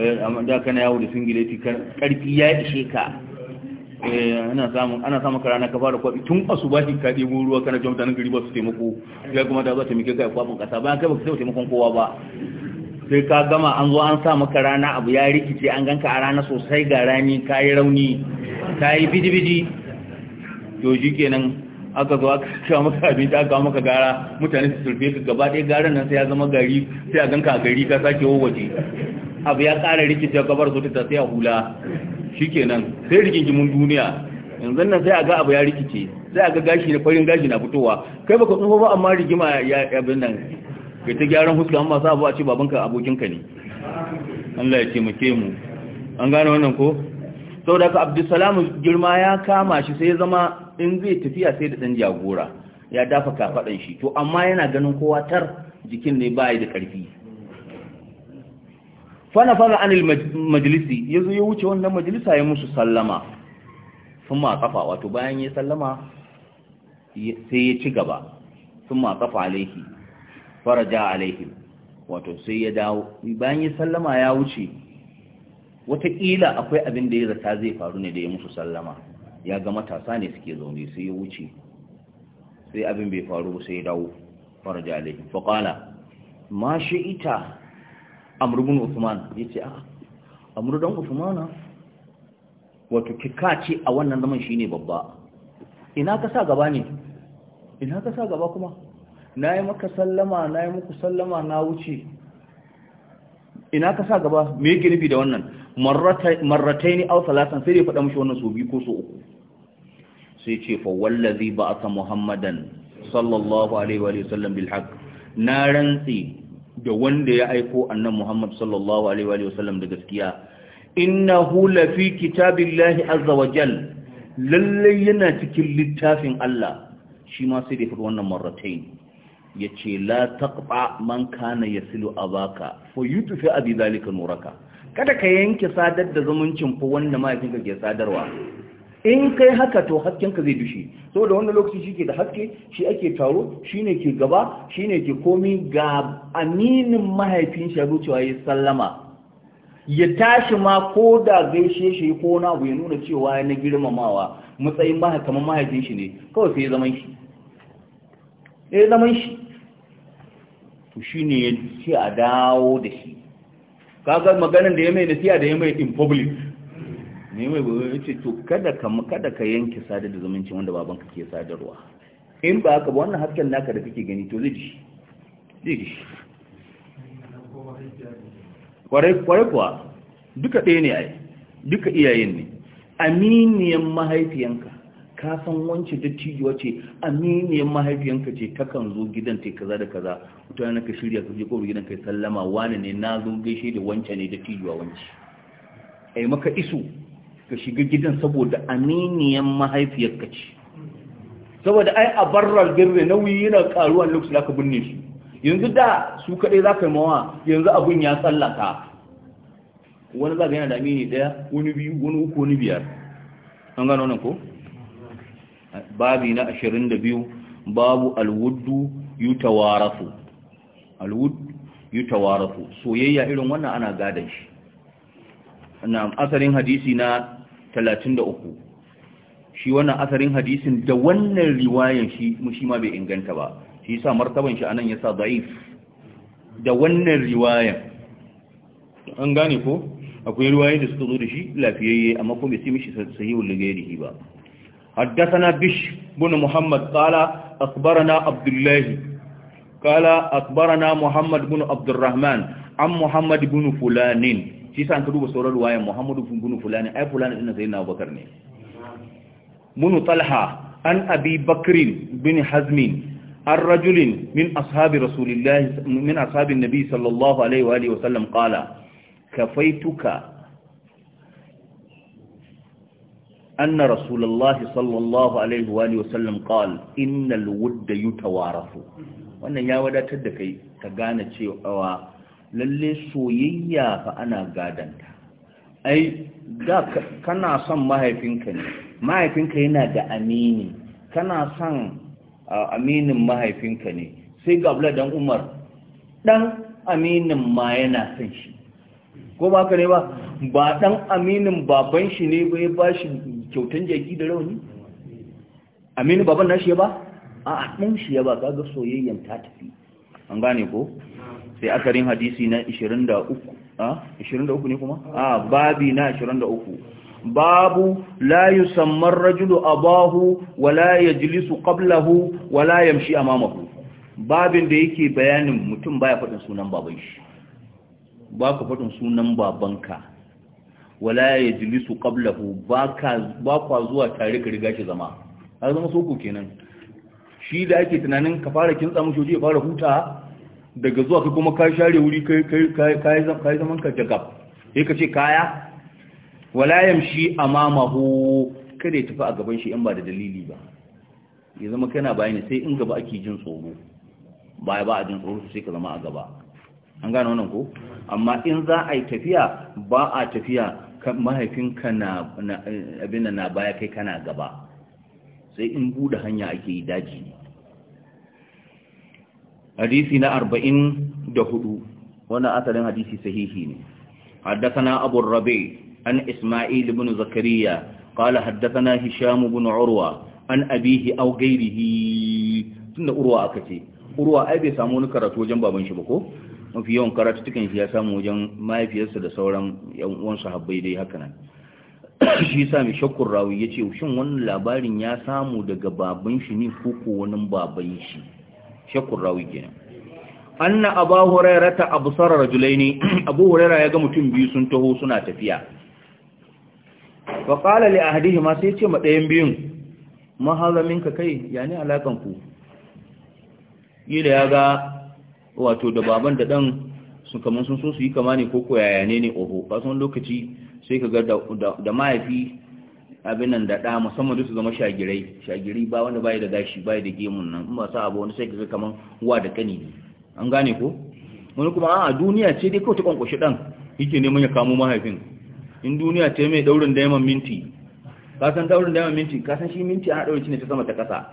eh, amma da kana ya da singileti karfi ya ishe ka Eh, ana samun kara na kafa da kwabi tun ba shi kaɗe ruwa kana jama'a mutanen gari ba su taimako ya kuma da za ta mike kai kwabin kasa bayan kai ba ka taimakon kowa ba sai ka gama an zo an samu kara rana abu ya rikice an ganka a rana sosai ga rani ka yi rauni ka yi bidibidi. to shi kenan aka zo aka cewa maka abinci aka maka gara mutane su surfe ka gaba ɗaya garan nan sai ya zama gari sai a ganka a gari ka sake waje abu ya ƙara rikice gabar zo ta sai a hula shikenan sai rigingimin duniya yanzu nan sai a ga abu ya rikice sai a ga gashi na farin gashi na fitowa kai baka tsufa ba amma rigima ya abin nan ga ta gyaran huska amma sa abu a ce babanka abokinka ne Allah ya taimake mu an gane wannan ko sau da ka Abdulsalam girma ya kama shi sai ya zama in zai tafiya sai da dan jagora ya dafa kafaɗan shi to amma yana ganin kowa tar jikin ne bayi da ƙarfi. fana fara anil majalisi ya zo ya wuce wannan majalisa ya musu sallama sun ma kafa wato bayan ya sallama sai ya ci gaba sun ma kafa alaihi faraja alaihi wato sai ya dawo bayan ya sallama ya wuce watakila akwai abin da ya zata zai faru ne da ya musu sallama ya ga matasa ne suke zaune sai ya wuce sai abin bai faru sai ya dawo faraja alaihim faƙala ma shi ita amr ibn usman ce a amr dan usman wato kika ce a wannan zaman shi ne babba ina ka sa gaba ne ina ka sa gaba kuma na yi maka sallama na yi muku sallama na wuce ina ka sa gaba me yake nufi da wannan ni ausa salatan sai ya faɗa mishi wannan so biyu ko so uku sai ce fa wallazi ba a ba'atha muhammadan sallallahu alaihi wa sallam bil haqq na rantsi da wanda ya aiko annan Muhammad sallallahu alaihi wa da gaskiya innahu hulafi kitabillahi azza wa jal lalle yana cikin littafin Allah shi ma sai da fito wannan marratain yace la taqba man kana yasilu abaka fa yutfi abi zalika nuraka kada ka yanke sadar da zamancin fa wanda mahaifinka ke sadarwa in kai haka to haskenka zai dushe saboda wannan lokaci ke da haske shi ake taro shi ne ke gaba shi ne ke komi ga aminin mahaifin shi cewa ya sallama ya tashi ma ko da gaishe shi ko na abu ya nuna cewa na girmamawa matsayin ba kamar mahaifin shi ne kawai sai zaman shi Ya zaman shi to shi ne ya ce a dawo da shi kaga maganar da ya mai nasiya da ya mai in public ne mai bai ce to kada ka kada ka yanke sadar da zumunci wanda baban ka ke sadarwa in ba haka ba wannan hasken naka da kake gani to zai ji kware kware kwarai kuwa duka ɗaya ne ai duka iyayen ne aminiyan mahaifiyanka ka san wance dattijuwa ce aminiyan mahaifiyanka ce ta kan zo gidan ta kaza da kaza mutane ka shirya ka je kowar gidan kai sallama wani ne na zo gaishe da wance ne dattijuwa wance ai maka isu ka shiga gidan saboda aminiyan mahaifiyar ka ce saboda ai a barral birni nauyi yana karuwa lokaci da ka binne shi yanzu da su kadai za ka yi mawa yanzu abun ya tsallaka wani zaga yana da amini daya wani biyu wani uku wani biyar an gano nan ko babi na ashirin da biyu babu alwuddu yutawarafu alwud yutawarafu soyayya irin wannan ana gadan shi na asarin hadisi na 33 shi wannan asarin hadisin da wannan riwayan shi shi ma bai inganta ba shi sa martaban shi anan yasa da'if da wannan riwayan an gane ko akwai riwayoyi da suka zo da shi lafiyayye amma ko bai sai mishi sahihul lighairihi ba حدثنا بش بن محمد قال أخبرنا عبد الله قال أخبرنا محمد بن عبد الرحمن عن محمد بن فلان shi sa ka duba sauran ruwayan Muhammadu Fungunu Fulani ai Fulani din sai na Abubakar ne Munu Talha an Abi Bakr bin Hazm an rajul min ashabi Rasulillah min ashabin Nabi sallallahu alaihi wa alihi wa sallam qala kafaituka أن رسول الله صلى الله عليه وآله وسلم قال إن الود يتوارث وأن يا ودا تدكي تغانى تشيوه lalle soyayya fa ana gadanta ai ga kana son mahaifinka ne mahaifinka yana da amini kana son aminin mahaifinka ne sai ga abla dan umar dan aminin ma yana son shi ko ba ka ne ba ba dan aminin baban shi ne ba ya ba shi kyautan jaki da rauni aminin baban nashi ya ba a ɗan shi ya ba kaga soyayyan ta tafi an gane ko sai rin hadisi na 23 ne kuma a babi na 23 babu la yusammar rajulu abahu wala yajlisu qablahu wala yamshi amamahu babin da yake bayanin mutum baya faɗin sunan baban shi ba ka faɗin sunan babanka wala yajlisu jili ba ka ba kwa zuwa tare ka riga shi zama har zama soko kenan shi da ake tunanin ka fara kintsa mushi ya fara huta daga zuwa ka kuma ka share wuri ka yi zaman ka jagab sai ka ce kaya wala a mamahu kada ya tafi a gaban shi in ba da dalili ba ya zama kana bayani sai in gaba ake jin tsoro Ba ya ba a jin tsoro sai ka zama a gaba an gane wannan ko amma in za a yi tafiya ba a tafiya mahaifinka na abin na baya kai kana gaba sai in buɗe hanya ake yi daji ne hadisi na arba'in da hudu wani asalin hadisi sahihi ne haddasana abu rabe an ismail bin zakariya قال حدثنا هشام بن عروة عن urwa aka ce urwa ai bai samu wani karatu wajen baban shi ba ko mafi yawan karatuttukan shi ya samu wajen mahaifiyarsa da sauran yawan sahabbai dai haka nan shi ya sami shakkun rawi ya ce shin wannan labarin ya samu daga baban shi ne ko ko wani baban shi shakkun rawi kenan anna abu huraira ta abusara ne abu huraira ya ga mutum biyu sun taho suna tafiya wa a li ahadihima sai ce ma ɗayan biyun ma ka kai ya ne alaƙanku ku da ya ga wato da baban da ɗan sun kaman sun so su yi kama ne ko ko ne ne oho kasan lokaci sai ka ga da mahaifi abin nan da ɗa musamman su zama shagirai shagiri ba wanda bai da gashi bai da gemun nan in ba sa abu wani sai ka ga kaman uwa da kani ne an gane ko wani kuma a duniya ce dai kawai ta kwankwashi ɗan yake neman ya kamo mahaifin in duniya ce mai daurin daiman minti ka san daurin daiman minti ka san shi minti ana daurin ne ta sama ta kasa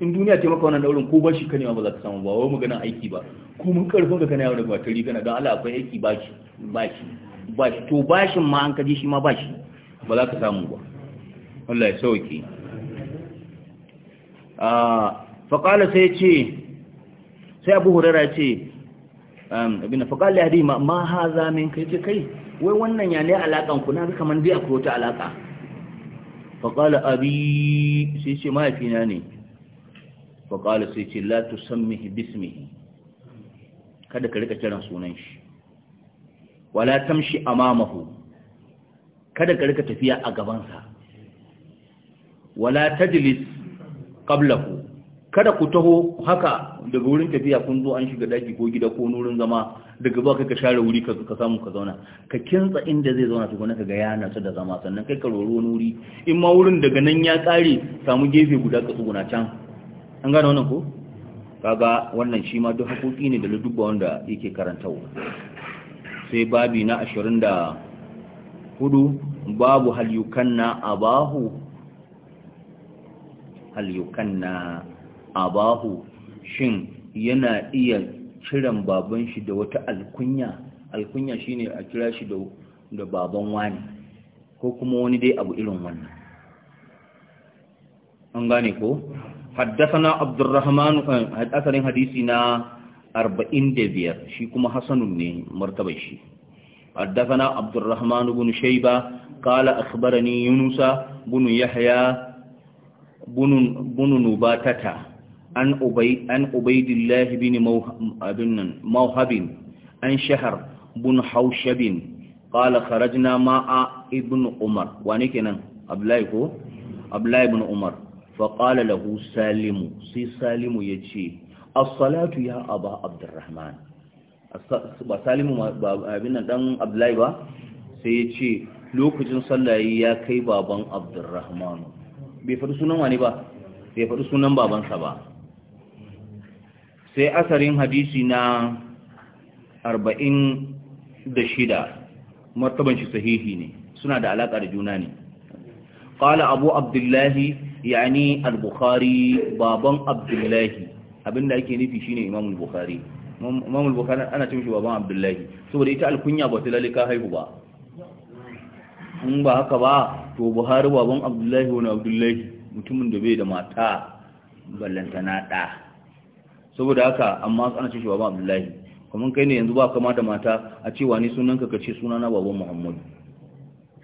in duniya ce maka wannan daurin ko bashi ka nema ba za ka samu ba wai maganan aiki ba ko mun karfin ka kana da batari kana don Allah akwai aiki bashi bashi bashi to bashin ma an kaje shi ma bashi ba za ka samu ba Allah ya sauki faƙala sai ce sai abu hurara ce um, abinda faƙala ya dima ma haza min kai ce kai wai wannan ya ne alaƙan ku na ga kaman zai akwai wata alaƙa faƙala abi sai ce mahaifina ne faƙala sai ce la tu mihi bismihi kada ka rika kiran sunan shi wala tamshi amamahu kada ka rika tafiya a gabansa wala tajlis qablahu kada ku taho haka daga wurin tafiya kun zo an shiga daki ko gida ko nurin zama daga ba ka share wuri ka ka samu ka zauna ka kintsa inda zai zauna tukuna ka ga yana ta da zama sannan kai ka roro wani in ma wurin daga nan ya kare samu gefe guda ka tsuguna can an gane wannan ko kaga wannan shi ma duk hakoki ne da duk wanda yake karantawa sai babi na 24 babu hal yukanna abahu hal yukanna abahu shin yana iya kiran baban shi da wata alkunya alkunya shine a kira shi da da baban wani ko kuma wani dai abu irin wannan an gane ko haddathana abdurrahman eh, asalin hadisi na 45 shi kuma hasanun ne martabar shi حدثنا abdurrahman الرحمن shayba شيبة قال أخبرني يونس بن يحيى bununu ba tata an ubaidillahi bin mauhabin an shahar bun haushabin ƙala kharajna ma'a ibn umar wane kenan abdullahi ko abdullahi ibn umar faƙala lahu salimu sai salimu ya ce as ya aba abdurrahman ba salimu ba abin nan dan abdullahi ba sai ya ce lokacin sallaye ya kai baban abdurrahmanu bai faɗi sunan wani ba bai faɗi sunan babansa ba sai asarin hadisi na arba'in da shida martaban shi sahihi ne suna da alaƙa da juna ne ƙala abu abdullahi yani al-bukhari baban abdullahi abinda ake nufi shine imamul bukhari imamul bukhari ana cin shi baban abdullahi saboda ita alkunya ba ta lalika haihu ba in ba haka ba to buhari baban abdullahi wani abdullahi mutumin da bai da mata ballantana ɗa saboda haka amma ana ce shi baban abdullahi kuma kai ne yanzu ba kama da mata a cewa ni sunan ka ce sunana baban muhammadu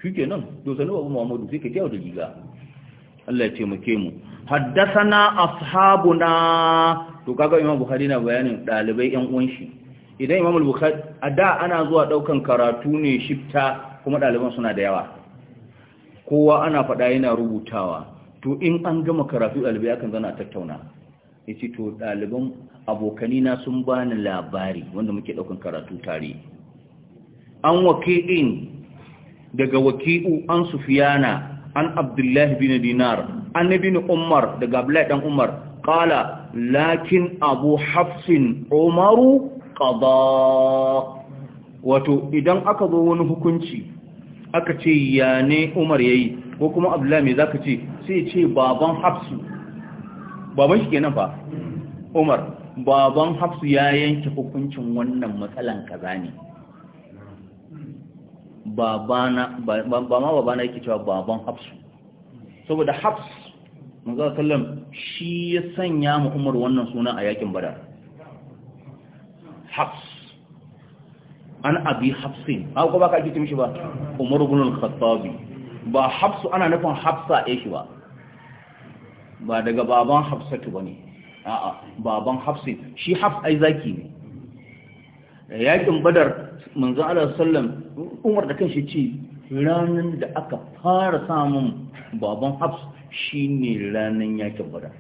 shi ke nan dosani baban muhammadu sai ka kyau da giga Allah ya taimake mu haddasana ashabuna to kaga imam buhari na bayanin dalibai yan uwan shi idan imam bukhari a da ana zuwa daukan karatu ne shifta kuma ɗaliban suna da yawa kowa ana faɗa yana rubutawa to in an gama karatu ɗalibai akan zana a tattauna ya ce to ɗaliban abokanina sun bani labari wanda muke ɗaukan karatu tare an wakilin daga waki'u an sufiyana an abdullahi bin dinar an bin umar daga abdullahi dan umar qala lakin abu hafsin umaru qada wato idan aka zo wani hukunci aka ce ya ne umar ya yi ko kuma abdullahi mai za ka ce sai ce baban hafsu baban shi kenan fa umar baban hafsu ya yanke hukuncin wannan matsalan kaza ne ba ma babana yake cewa baban hafsu saboda hafsu manzo kallon shi ya sanya mu umar wannan suna a yakin Bada. hafs an abi hafsin ba ko baka ji shi ba umar ibn al-khattabi ba hafsu ana nufin hafsa ɗaya shi ba ba daga baban hafsatu bane a'a baban hafsin shi hafs ai zaki ne yakin badar manzo Allah sallam umar da kanshi ce ranan da aka fara samun baban hafs shine ranan yakin badar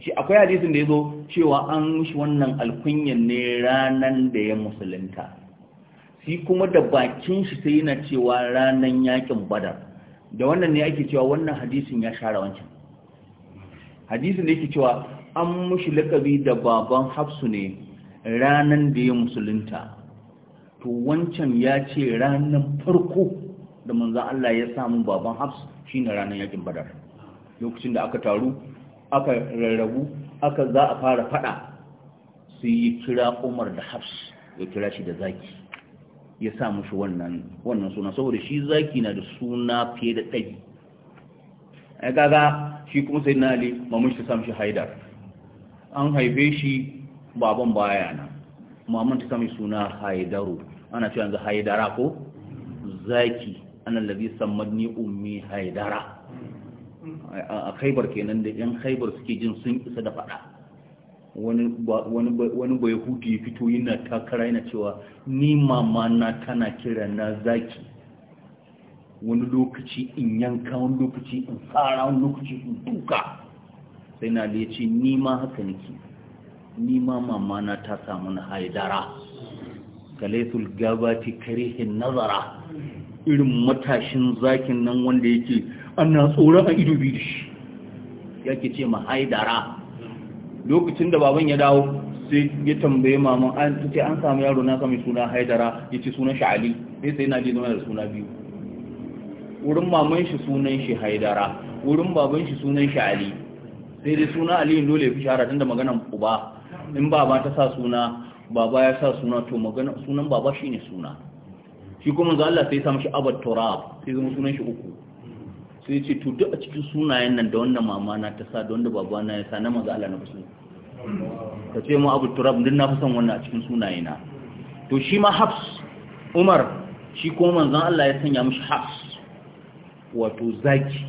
shi akwai hadisin da ya zo cewa an shi wannan alkunyan ne ranan da ya musulunta shi kuma da bakin shi sai yana cewa ranan yakin badar da wannan ne ake cewa wannan hadisin ya share wancan hadisin da yake cewa an mushi lakabi da baban hafsu ne ranan da ya musulunta to wancan ya ce ranan farko da manzan Allah ya samu baban hafsu shine ranan yakin badar lokacin da aka taru aka rarrabu aka za a fara fada sai yi kira umar da hafs ya kira shi da zaki ya sa mushi wannan suna saboda shi zaki na da suna fiye da ɗari ya gaza shi kuma sai na ali mamun shi samun shi haidar an haife shi baban baya na mamun ta samun suna haidaru ana cewa yanzu haidara ko zaki ana labi sammanni ummi haidara a khaibar kenan da yan khaibar suke jin sun isa da fada wani bai hudu ya fito yana takara yana cewa ni mama tana kira na zaki wani lokaci in yanka wani lokaci in tsara wani lokaci in duka sai na da ya ce ni ma haka niki ni ma mama ta samu na haidara kalaitul gabati karihin nazara irin matashin zakin nan wanda yake ana tsoron a ido biyu da shi yake ce ma haidara lokacin da baban ya dawo sai ya tambaye maman an ce an samu yaro na sami suna haidara ya ce sunan shi ali sai sai na ji zama da suna biyu wurin mamun shi sunan shi haidara wurin baban shi sunan shi ali sai dai suna Aliyu dole ya fi shara tun da maganan uba in baba ta sa suna baba ya sa suna to magana sunan baba shine suna shi kuma za Allah sai ya sa mashi abad turab sai zama sunan shi uku sai ce to duk a cikin sunayen nan da wannan mama na ta sa da wanda baba na ya sa na maza Allah na fi Ka ce mu abu turab din na fi wannan a cikin sunaye na to shi ma hafs umar shi kuma manzon Allah ya sanya mishi hafs wato zaki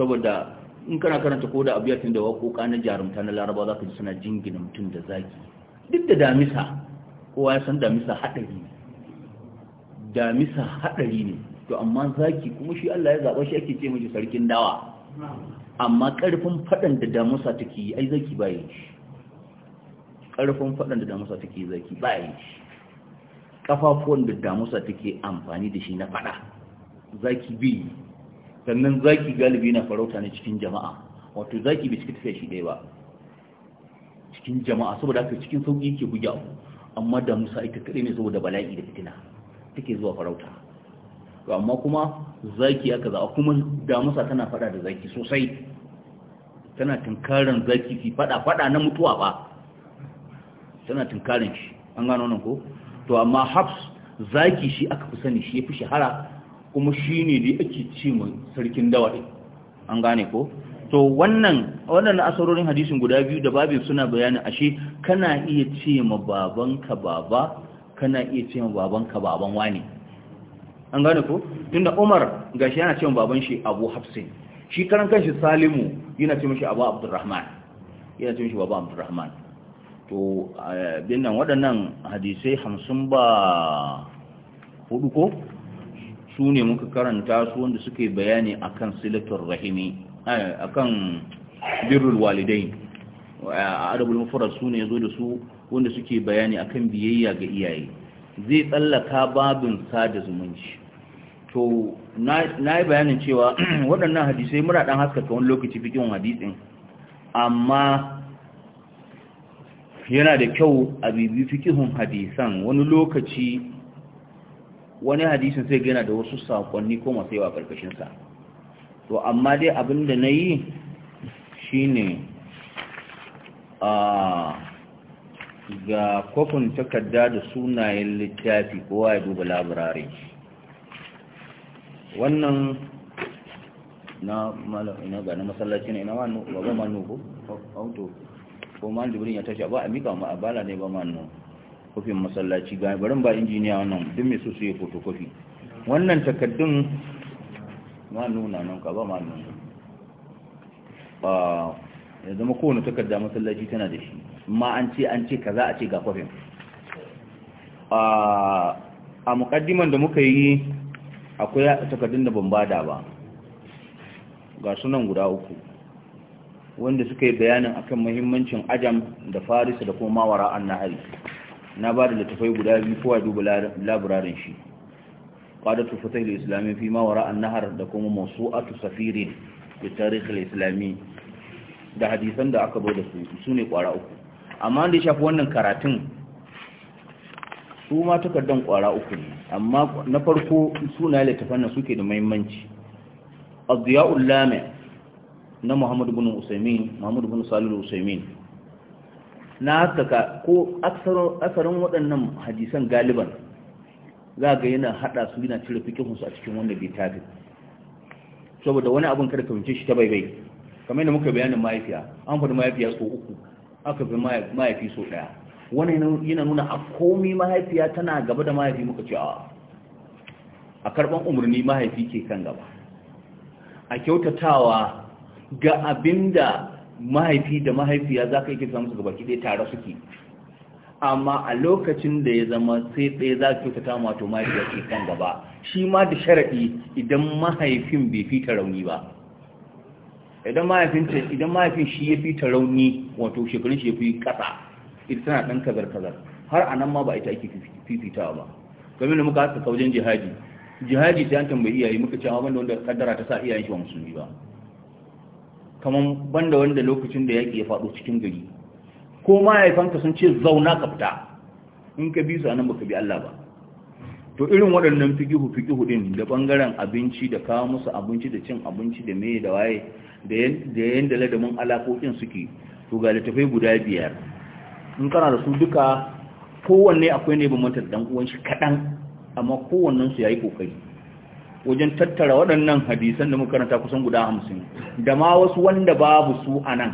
saboda in kana karanta ko da abiyatin da waƙoƙa na jarumta na laraba za ka ji suna jingina mutum da zaki duk da damisa kowa ya san damisa haɗari damisa haɗari ne to amma zaki kuma shi Allah ya zaba shi ake ce mishi sarkin dawa amma karfin fadan da damusa take yi ai zaki shi karfin fadan da damusa take yi zaki shi kafafuwan da damusa take amfani da shi na fada zaki bi sannan zaki galibi na farauta ne cikin jama'a wato zaki bai cika tafiya shi ɗaya ba cikin jama'a saboda haka cikin sauƙi yake buga amma damusa ita kaɗai ne saboda bala'i da fitina take zuwa farauta to amma kuma zaki aka za kuma damusa tana fada da zaki sosai tana tunkarin zaki fi fada fada na mutuwa ba tana tunkarin shi an gano nan ko to amma haps zaki shi aka fi sani shi ya fi shahara kuma shi ne da ake ce mai sarkin dawaɗe an gane ko to wannan wannan asarorin hadisin guda biyu da babin suna bayanin ashe kana iya ce ma babanka baba kana iya ce ma babanka baban wani an gane ko tunda Umar gashi yana cewa baban shi Abu Hafsin shi karan kanshi Salimu yana cewa shi Abu Abdurrahman yana cewa shi baban Abdurrahman to eh, bin nan waɗannan hadisai 50 ba hudu ko su ne muka karanta su wanda suke bayani akan silatul rahimi eh, akan birrul walidain eh, adabul mufrad su ne yazo da su wanda suke bayani akan biyayya ga iyaye zai tsallaka babin sada zumunci to na yi bayanin cewa waɗannan hadisai muna ɗan haskaka wani lokaci fikin hadisin amma yana da kyau a bibi fikihun hadisan wani lokaci wani hadisin sai gina da wasu saƙonni ko masu yawa ƙarƙashinsa to amma dai abin da na yi shi ne ga kwafin takarda da sunayen littafi kowa ya duba labirare wannan na malam ina ba na masallaci ne na wannan ba ba manu ko auto ko man jibrin ya tashi ba a mika ma a bala ne ba manu kofin masallaci ga barin ba injiniya wannan duk mai su su yi fotokofi wannan takaddun manu nuna nan ka ba manu nuna ba ya zama kowane takarda masallaci tana da shi ma an ce an ce kaza a ce ga kofin a muƙaddiman da muka yi akwai takardun da ban bada ba ga sunan guda uku wanda suka yi bayanin akan muhimmancin ajam da farisa da kuma mawara an nahari na ba littafai guda biyu kowa duba labirarin shi qadatu fatahil islami fi mawara an nahar da kuma masu atu safirin da tarikh islami da hadisan da aka bada su su ne kwara uku amma da ya shafi wannan karatun su ma takardan kwara uku ne amma na farko suna littafan nan suke da mahimmanci. Abdiyaul ulame na muhammadu bin Usaimin muhammadu bin salilu Usaimin na haskaka ko asarin waɗannan hadisan galiban za ga yana haɗa su yana cire fikinsu a cikin wanda bai tafi saboda wani abin kada kamince shi ta baibai kamar yadda muka bayanin mahaifiya an faɗi mahaifiya so uku aka fi mahaifi so ɗaya wannan yana nuna a komi mahaifiya tana gaba da mahaifi muka ce a a karban umarni mahaifi ke kan gaba a kyautatawa ga abinda mahaifi da mahaifiya za ka yi kisa musu gabaki ɗaya tare suke amma a lokacin da ya zama sai ɗaya za ka kyautata wato mahaifiya ke kan gaba shi ma da sharaɗi idan mahaifin bai fita rauni ba idan mahaifin shi ya fita rauni wato shekarun shi ya fi ƙasa ita tana ɗan kazar kazar har a nan ma ba ita ake fifitawa ba kamar da muka haska wajen jihadi jihadi sai an tambayi iyaye muka ce abin da wanda kaddara ta sa iyayen shi ba musulmi ba kamar banda wanda lokacin da yaƙi ya faɗo cikin gari ko mahaifanka sun ce zauna ka fita in ka bi su anan baka bi Allah ba to irin waɗannan fikihu fikihu din da bangaren abinci da kawo musu abinci da cin abinci da meye da waye da yanda ladamin alaƙoƙin suke to ga littafai guda biyar in kana da su duka kowanne akwai ne bambanta da uwan shi kaɗan amma kowannen su yayi kokari wajen tattara waɗannan hadisan da muka karanta kusan guda hamsin da ma wasu wanda babu su a nan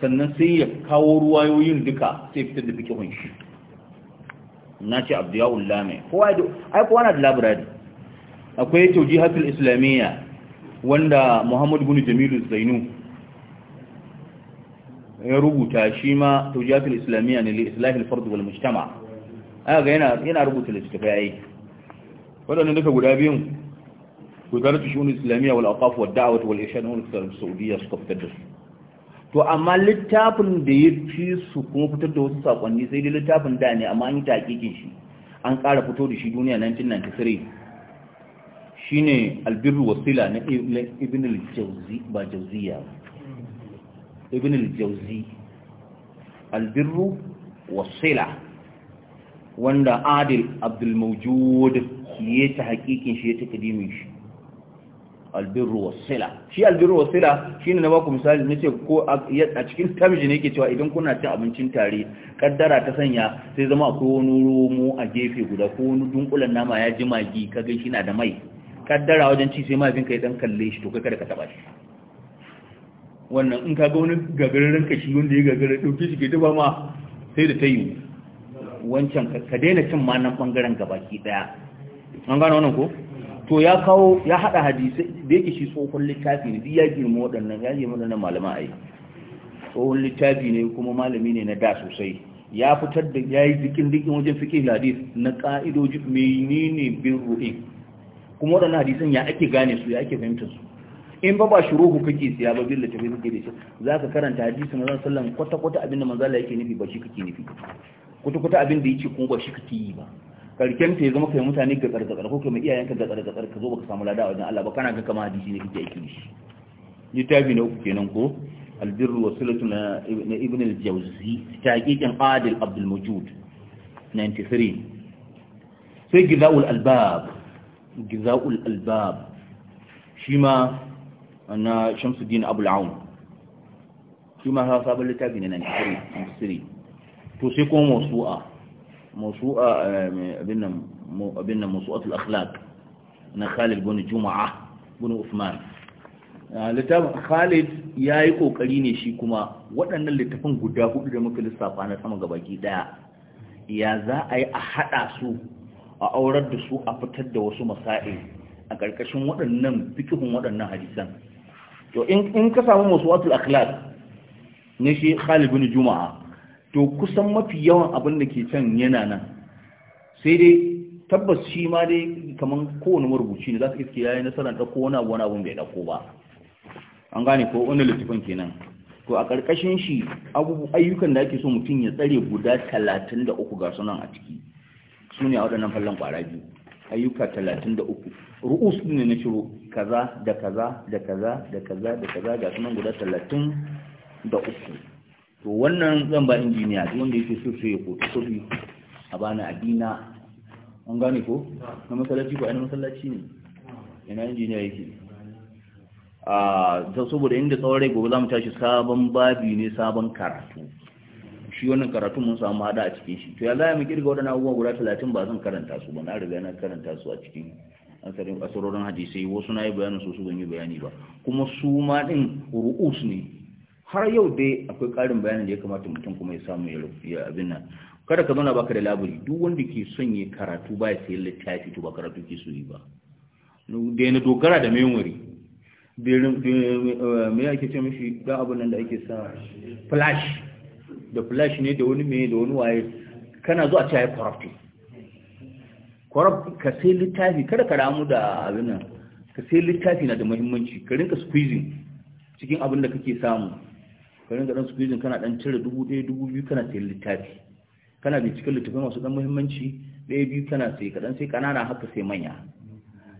sannan sai ya kawo ruwayoyin duka sai fitar da fikihun shi na ce abdiyawun lame ai kowa na da labirari akwai taujihatul islamiyya wanda muhammad bin jamilu zainu ya rubuta shi ma tawjihatul islamiyya ne li islahil fard wal mujtama aka ga yana yana rubuta littafi ai wadannan duka guda biyun wizaratu shu'un islamiyya wal aqaf wad da'wah wal irshad wal saudiyya suka fitar da su to amma littafin da ya fi su kuma fitar da wasu sakonni sai dai littafin da ne amma an yi takikin shi an ƙara fito da shi duniya 1993 shine albirru wasila na ibn al-jawzi ba jawziya ibn al-jawzi albirru wasila wanda adil abdul abdulmawjud ya ta hakikin shi ya ta kadimin shi albirru wasila shi albirru wasila shine na baku misali nace ko a cikin tamji ne yake cewa idan kuna cin abincin tare kaddara ta sanya sai zama akwai wani romo a gefe guda ko wani dunkulan nama ya ji magi kaga shi na da mai kaddara wajen ci sai mahaifin ka ya dan kalle shi to kai kada ka taba shi wannan in kaga wani gagarin kashi wanda ya gagarin ɗauki shi ke ma sai da ta yi wancan ka daina cin ma nan ɓangaren gabaki ɗaya an gano wannan ko to ya kawo ya haɗa hadisai da yake shi tsohon littafi ne ya girma waɗannan ya girma waɗannan malaman yi tsohon littafi ne kuma malami ne na da sosai ya fitar da ya yi zikin dikin wajen fikin hadis na ƙa'idoji menene bin ru'in kuma waɗannan hadisan ya ake gane su ya ake fahimtar su in ba ba shuruhu kake siya ba billa tafi kake da shi zaka karanta hadisi manzon sallan kwata kwata abinda da manzon Allah yake nufi ba shi kake nufi kwata kwata abinda da yake kuma ba shi kake yi ba karken ta ya zama kai mutane ga tsarkakar ko kai mai iyayenka ga tsarkakar ka zo baka samu lada wajen Allah ba kana ga kama hadisi ne kake aiki shi littafi na uku kenan ko albirru wa silatu na ibn al-jawzi taqiqan adil abdul mujud 93 sai gizaul albab gizaul albab shi ma na shamsu abu abul'aun shi ma hausa sabon littafi na siri to sai kuma masu'a masu'a eh, abin nan masu'atul akhlaq na khalid bin juma'a bin usman ah, littafin khalid ya yi kokari ne shi kuma waɗannan littafin guda hudu da muka lissafa na sama gabaki daya ya za a yi a haɗa su a aurar da su a fitar da wasu masa'i a ƙarƙashin waɗannan fikihun waɗannan hadisan to in ka samu muswatul akhlaq ne shi Khalid bin Juma'a to kusan mafi yawan abin da ke can yana nan sai dai tabbas shi ma dai kaman kowane marubuci ne za ka iske yayin nasarar ko wani abu wani abu bai dauko ba an gane ko wani littafin kenan to a karkashin shi ayyukan da ake so mutum ya tsare guda talatin da uku ga sunan a ciki sune ne a waɗannan fallon ƙwara biyu ayyuka uku, ru'us ne na shiru kaza da kaza da kaza da kaza da kaza ga sunan guda uku. to wannan zan ba injiniya duk wanda yake so sai ya koto bi a bani adina an gane ko na masallaci ko ai masallaci ne ina injiniya yake ah, a saboda inda tsawon rai gobe za mu tashi sabon babi ne sabon karatu shi wannan karatu mun samu hada a cikin shi to ya za mu kirga waɗannan abubuwa guda talatin ba zan karanta su ba na riga na karanta su a cikin asarorin hadisai wasu na yi bayanin su su ban yi bayani ba kuma su ma ɗin ru'us ne har yau dai akwai ƙarin bayanin da ya kamata mutum kuma ya samu ya abin nan kada ka zauna baka da labari duk wanda ke son ya karatu ba ya sayi littafi to ba karatu ke so yi ba da na dogara da memory eh, me ake ce mishi da abin nan da ake sa flash da flash ne da wani mai da wani waye kana zuwa ce ya corrupting corrupt ka sai littafi kada ka ramu da abin nan ka sai littafi na da muhimmanci ka rinka squeezing cikin abin da kake samu ka rinka dan squeezing kana dan cire dubu ɗaya dubu biyu kana sai littafi kana cikin littafin masu dan muhimmanci ɗaya biyu kana sai ka dan sai kanana haka sai manya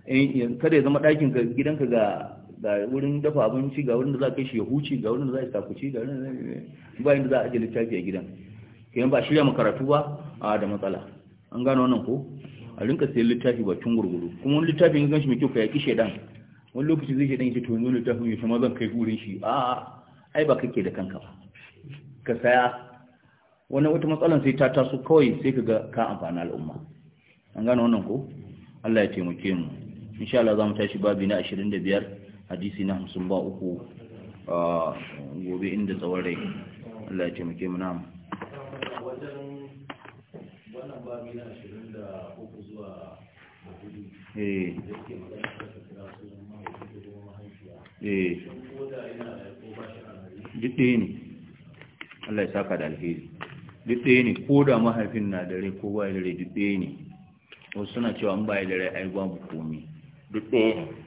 eh, kada ya zama ɗakin ka gidanka ga ga wurin dafa abinci ga wurin da za ka shi ya huce ga wurin da za a takuci ga wurin ba inda za a ajiye littafi a gidan kiyan ba shirya makaratu ba a da matsala an gano wannan ko a rinka sayi littafi ba tun gurguru kuma wani littafin ya ganshi mai kyau ka yaki shaidan wani lokaci zai shaidan ya ce to yanzu littafin ya shama zan kai gurin shi a ai ba kake da kanka ba ka saya wani wata matsalan sai ta taso kawai sai ka ga ka amfana al'umma an gano wannan ko Allah ya taimake mu insha Allah za mu tashi babi na 25 hadisi na hamsin ba uku gobe inda tsawon rai Allah ya ce muke muna mu wajen wannan babi na 23 zuwa eh, eh. ɗaya ne Allah ya saka da alheri duk ɗaya ne ko da mahaifin na da rai ko ya da rai duk ɗaya ne wasu suna cewa an baya da rai ai babu duk ɗaya ne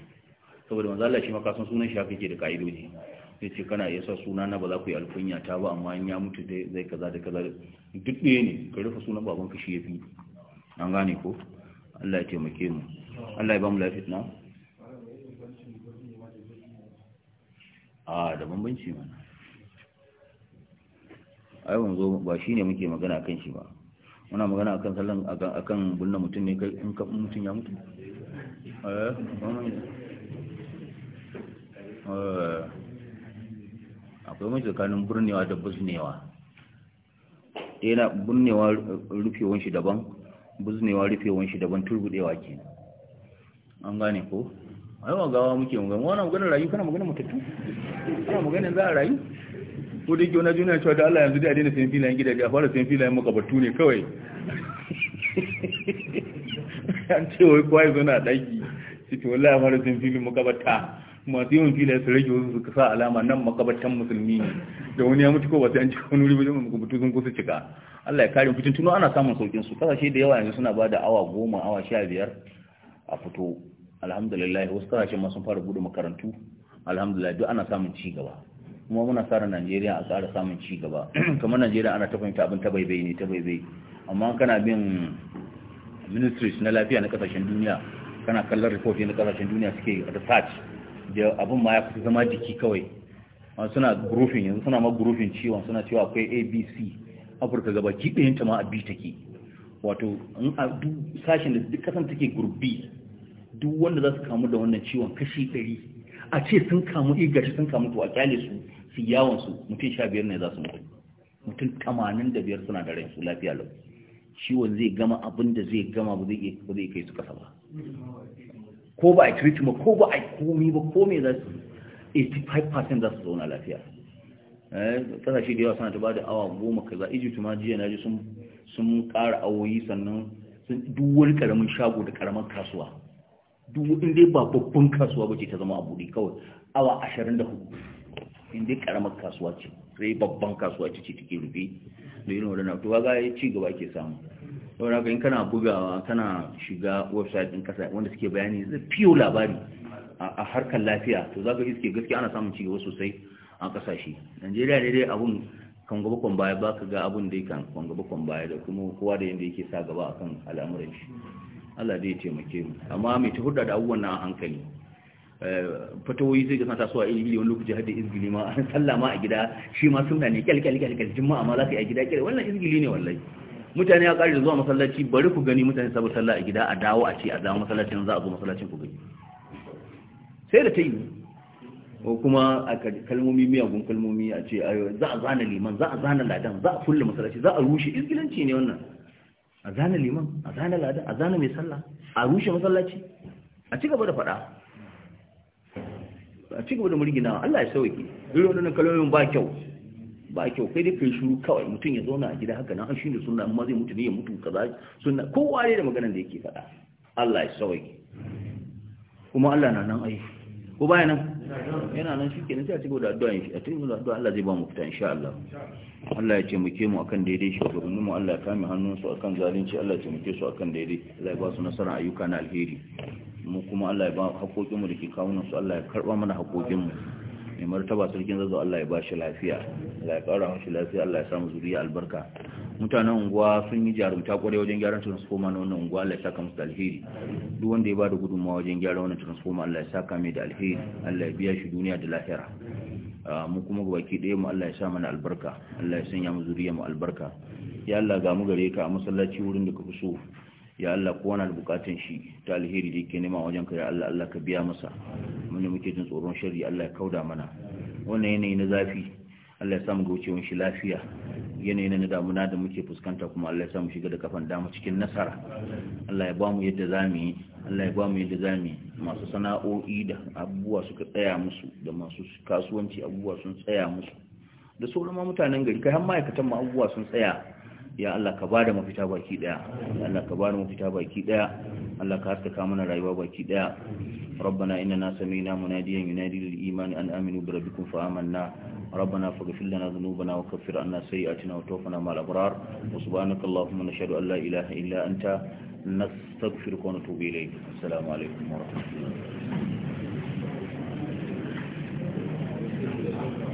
saboda manzo Allah shi ma kasan sunan shi haka yake da kaidoji sai ce kana iya sa suna na ba za ku yi alkunya ta ba amma in ya mutu zai kaza da kaza duk ɗaya ne ka rufe sunan baban ka shi yafi an gane ko Allah ya taimake mu Allah ya ba mu lafiya na a da bambanci mana ai wanzo ba shi ne muke magana kan shi ba muna magana akan sallan akan bunna mutum ne kai in mutum ya mutu eh akwai mai tsakanin burnewa da buznewa yana eh, burnewa rufewan shi daban buznewa rufe shi daban turbudewa ke an gane ko ai wa gawa muke magana wannan magana rayu kana magana mutattu kana magana za a rayu ko dai yake wani juna cewa da Allah yanzu da daina sayan filayen gida a fara sayan filayen makabartu ne kawai an ce wai kwai zo na daki ciki wallahi a fara sayan filin makabarta masu yawan filaye su rage wasu su sa alama nan makabatan musulmi ne da wani ya mutu ko wasu an ci wani wuri wajen mutu sun kusa cika Allah ya kare fitin tuno ana samun saukin su kasashe da yawa yanzu suna ba da awa goma awa sha biyar a fito alhamdulillah wasu kasashe ma sun fara bude makarantu alhamdulillah duk ana samun ci gaba kuma muna tsara Najeriya a tsara samun ci gaba kamar Najeriya ana ta fahimta abin ta baibai ne ta baibai amma kana bin ministries na lafiya na kasashen duniya kana kallon report na kasashen duniya suke research da abin ma ya fi zama jiki kawai suna gurufin yanzu suna ma gurufin ciwon suna cewa akwai abc afirka gaba kiɗayen ta ma a bi take wato in a duk sashen da duk kasan take gurbi duk wanda za su kamu da wannan ciwon kashi ɗari a ce sun kamu igashi eh, sun kamu to a kyale su su yawon su mutum sha biyar ne za su mutu mutum tamanin da biyar suna da rai su lafiya lau ciwon zai gama abin da zai gama ba zai kai su kasa ba ko ba a kiriti ba ko ba a komi ba ko me za su 85% za su zauna lafiya eh, kasashe da yawa sana ta ba da awa goma kaza egypt ma jiya na ji sun ƙara awoyi sannan duk wani ƙaramin shago da ƙaramin kasuwa duk in dai ba babban kasuwa ba ce ta zama a buɗe kawai awa ashirin da hudu in dai kasuwa ce sai babban kasuwa ce ce take rufe da yi nuna to ga ya ci gaba ke samu yau raka in kana bugawa kana shiga website ɗin kasa wanda suke bayani zai fiyo labari a harkar lafiya to za ka iske gaske ana samun cigaba sosai a kasashe najeriya ne dai abun kan gaba kwan baya ba ka ga abun dai kan kan gaba kwan baya da kuma kowa da yadda yake sa gaba akan al'amuran shi Allah zai taimake mu amma mai ta hudu da abubuwan na a hankali eh, fatawoyi zai gasa tasowa ilimi wani lokaci hadda izgili ma sallah ma a gida shi ma suna ne kyalkyalkyalkyal jima'a ma za ka yi a gida kyal wannan izgili ne wallahi mutane ya kare da zuwa masallaci bari ku gani mutane sabu sallah a gida a dawo a ce a dawo masallacin za a zo masallacin ku gani sai da ta yi ko kuma a kalmomi miyagun kalmomi a ce za a zana liman za a zana ladan za a kulle masallaci za a rushe izgilanci ne wannan a zana liman a zana ladan a zana mai sallah a rushe masallaci a ci gaba da faɗa a ci gaba da murginawa Allah ya sauke irin wannan kalmomin ba kyau ba kyau kai dai kai shuru kawai mutum ya zauna a gida haka nan shi ne sunna amma zai mutu ne ya mutu kaza sunna kowa ne da maganar da yake faɗa Allah ya sauke kuma Allah na nan ai ko baya nan yana nan shi kenan sai a cigaba da addu'a shi a cikin addu'a Allah zai ba mu fita insha Allah Allah ya taimake mu akan daidai shi ga mu Allah ya kame hannun su akan zalunci Allah ya taimake su akan daidai Allah ya ba su nasara ayyuka na alheri mu kuma Allah ya ba haƙoƙin mu da ke kawo su Allah ya karba mana haƙoƙin mu mai martaba sarkin zazzau Allah ya ba shi lafiya Allah ya ƙara mashi lafiya Allah ya samu zuriya albarka mutanen unguwa sun yi jarumta kware wajen gyaran transformer na wannan unguwa Allah ya saka musu alheri duk wanda ya ba da gudunmawa wajen gyara wannan transformer Allah ya saka mai da alheri Allah ya biya shi duniya da lahira mu kuma baki ɗaya mu Allah ya sa mana albarka Allah ya sanya mu zuriya mu albarka ya Allah ga mu gare ka a masallaci wurin da ka fi so ya Allah ko wani bukatun shi ta alheri da yake nema wajen ka ya Allah Allah ka biya masa mun muke jin tsoron shari Allah ya kauda mana wannan yanayi na zafi Allah ya samu gaucewan shi lafiya yanayi na damuna da muke fuskanta kuma Allah ya samu shiga da kafan dama cikin nasara Allah ya bamu yadda zamu yi Allah ya bamu yadda zamu yi masu sana'o'i da abubuwa suka tsaya musu da masu kasuwanci abubuwa sun tsaya musu da sauran mutanen gari kai har ma'aikatan ma abubuwa sun tsaya ya Allah ka bada mafita baki daya ya Allah ka bada mafita baki daya Allah ka haskaka mana rayuwa baki daya ربنا إننا سمينا مناديا ينادي للإيمان أن آمنوا بربكم فآمنا ربنا فاغفر لنا ذنوبنا وكفر عنا سيئاتنا وتوفنا مع الأبرار وسبحانك اللهم نشهد أن لا إله إلا أنت نستغفرك ونتوب إليك السلام عليكم ورحمة الله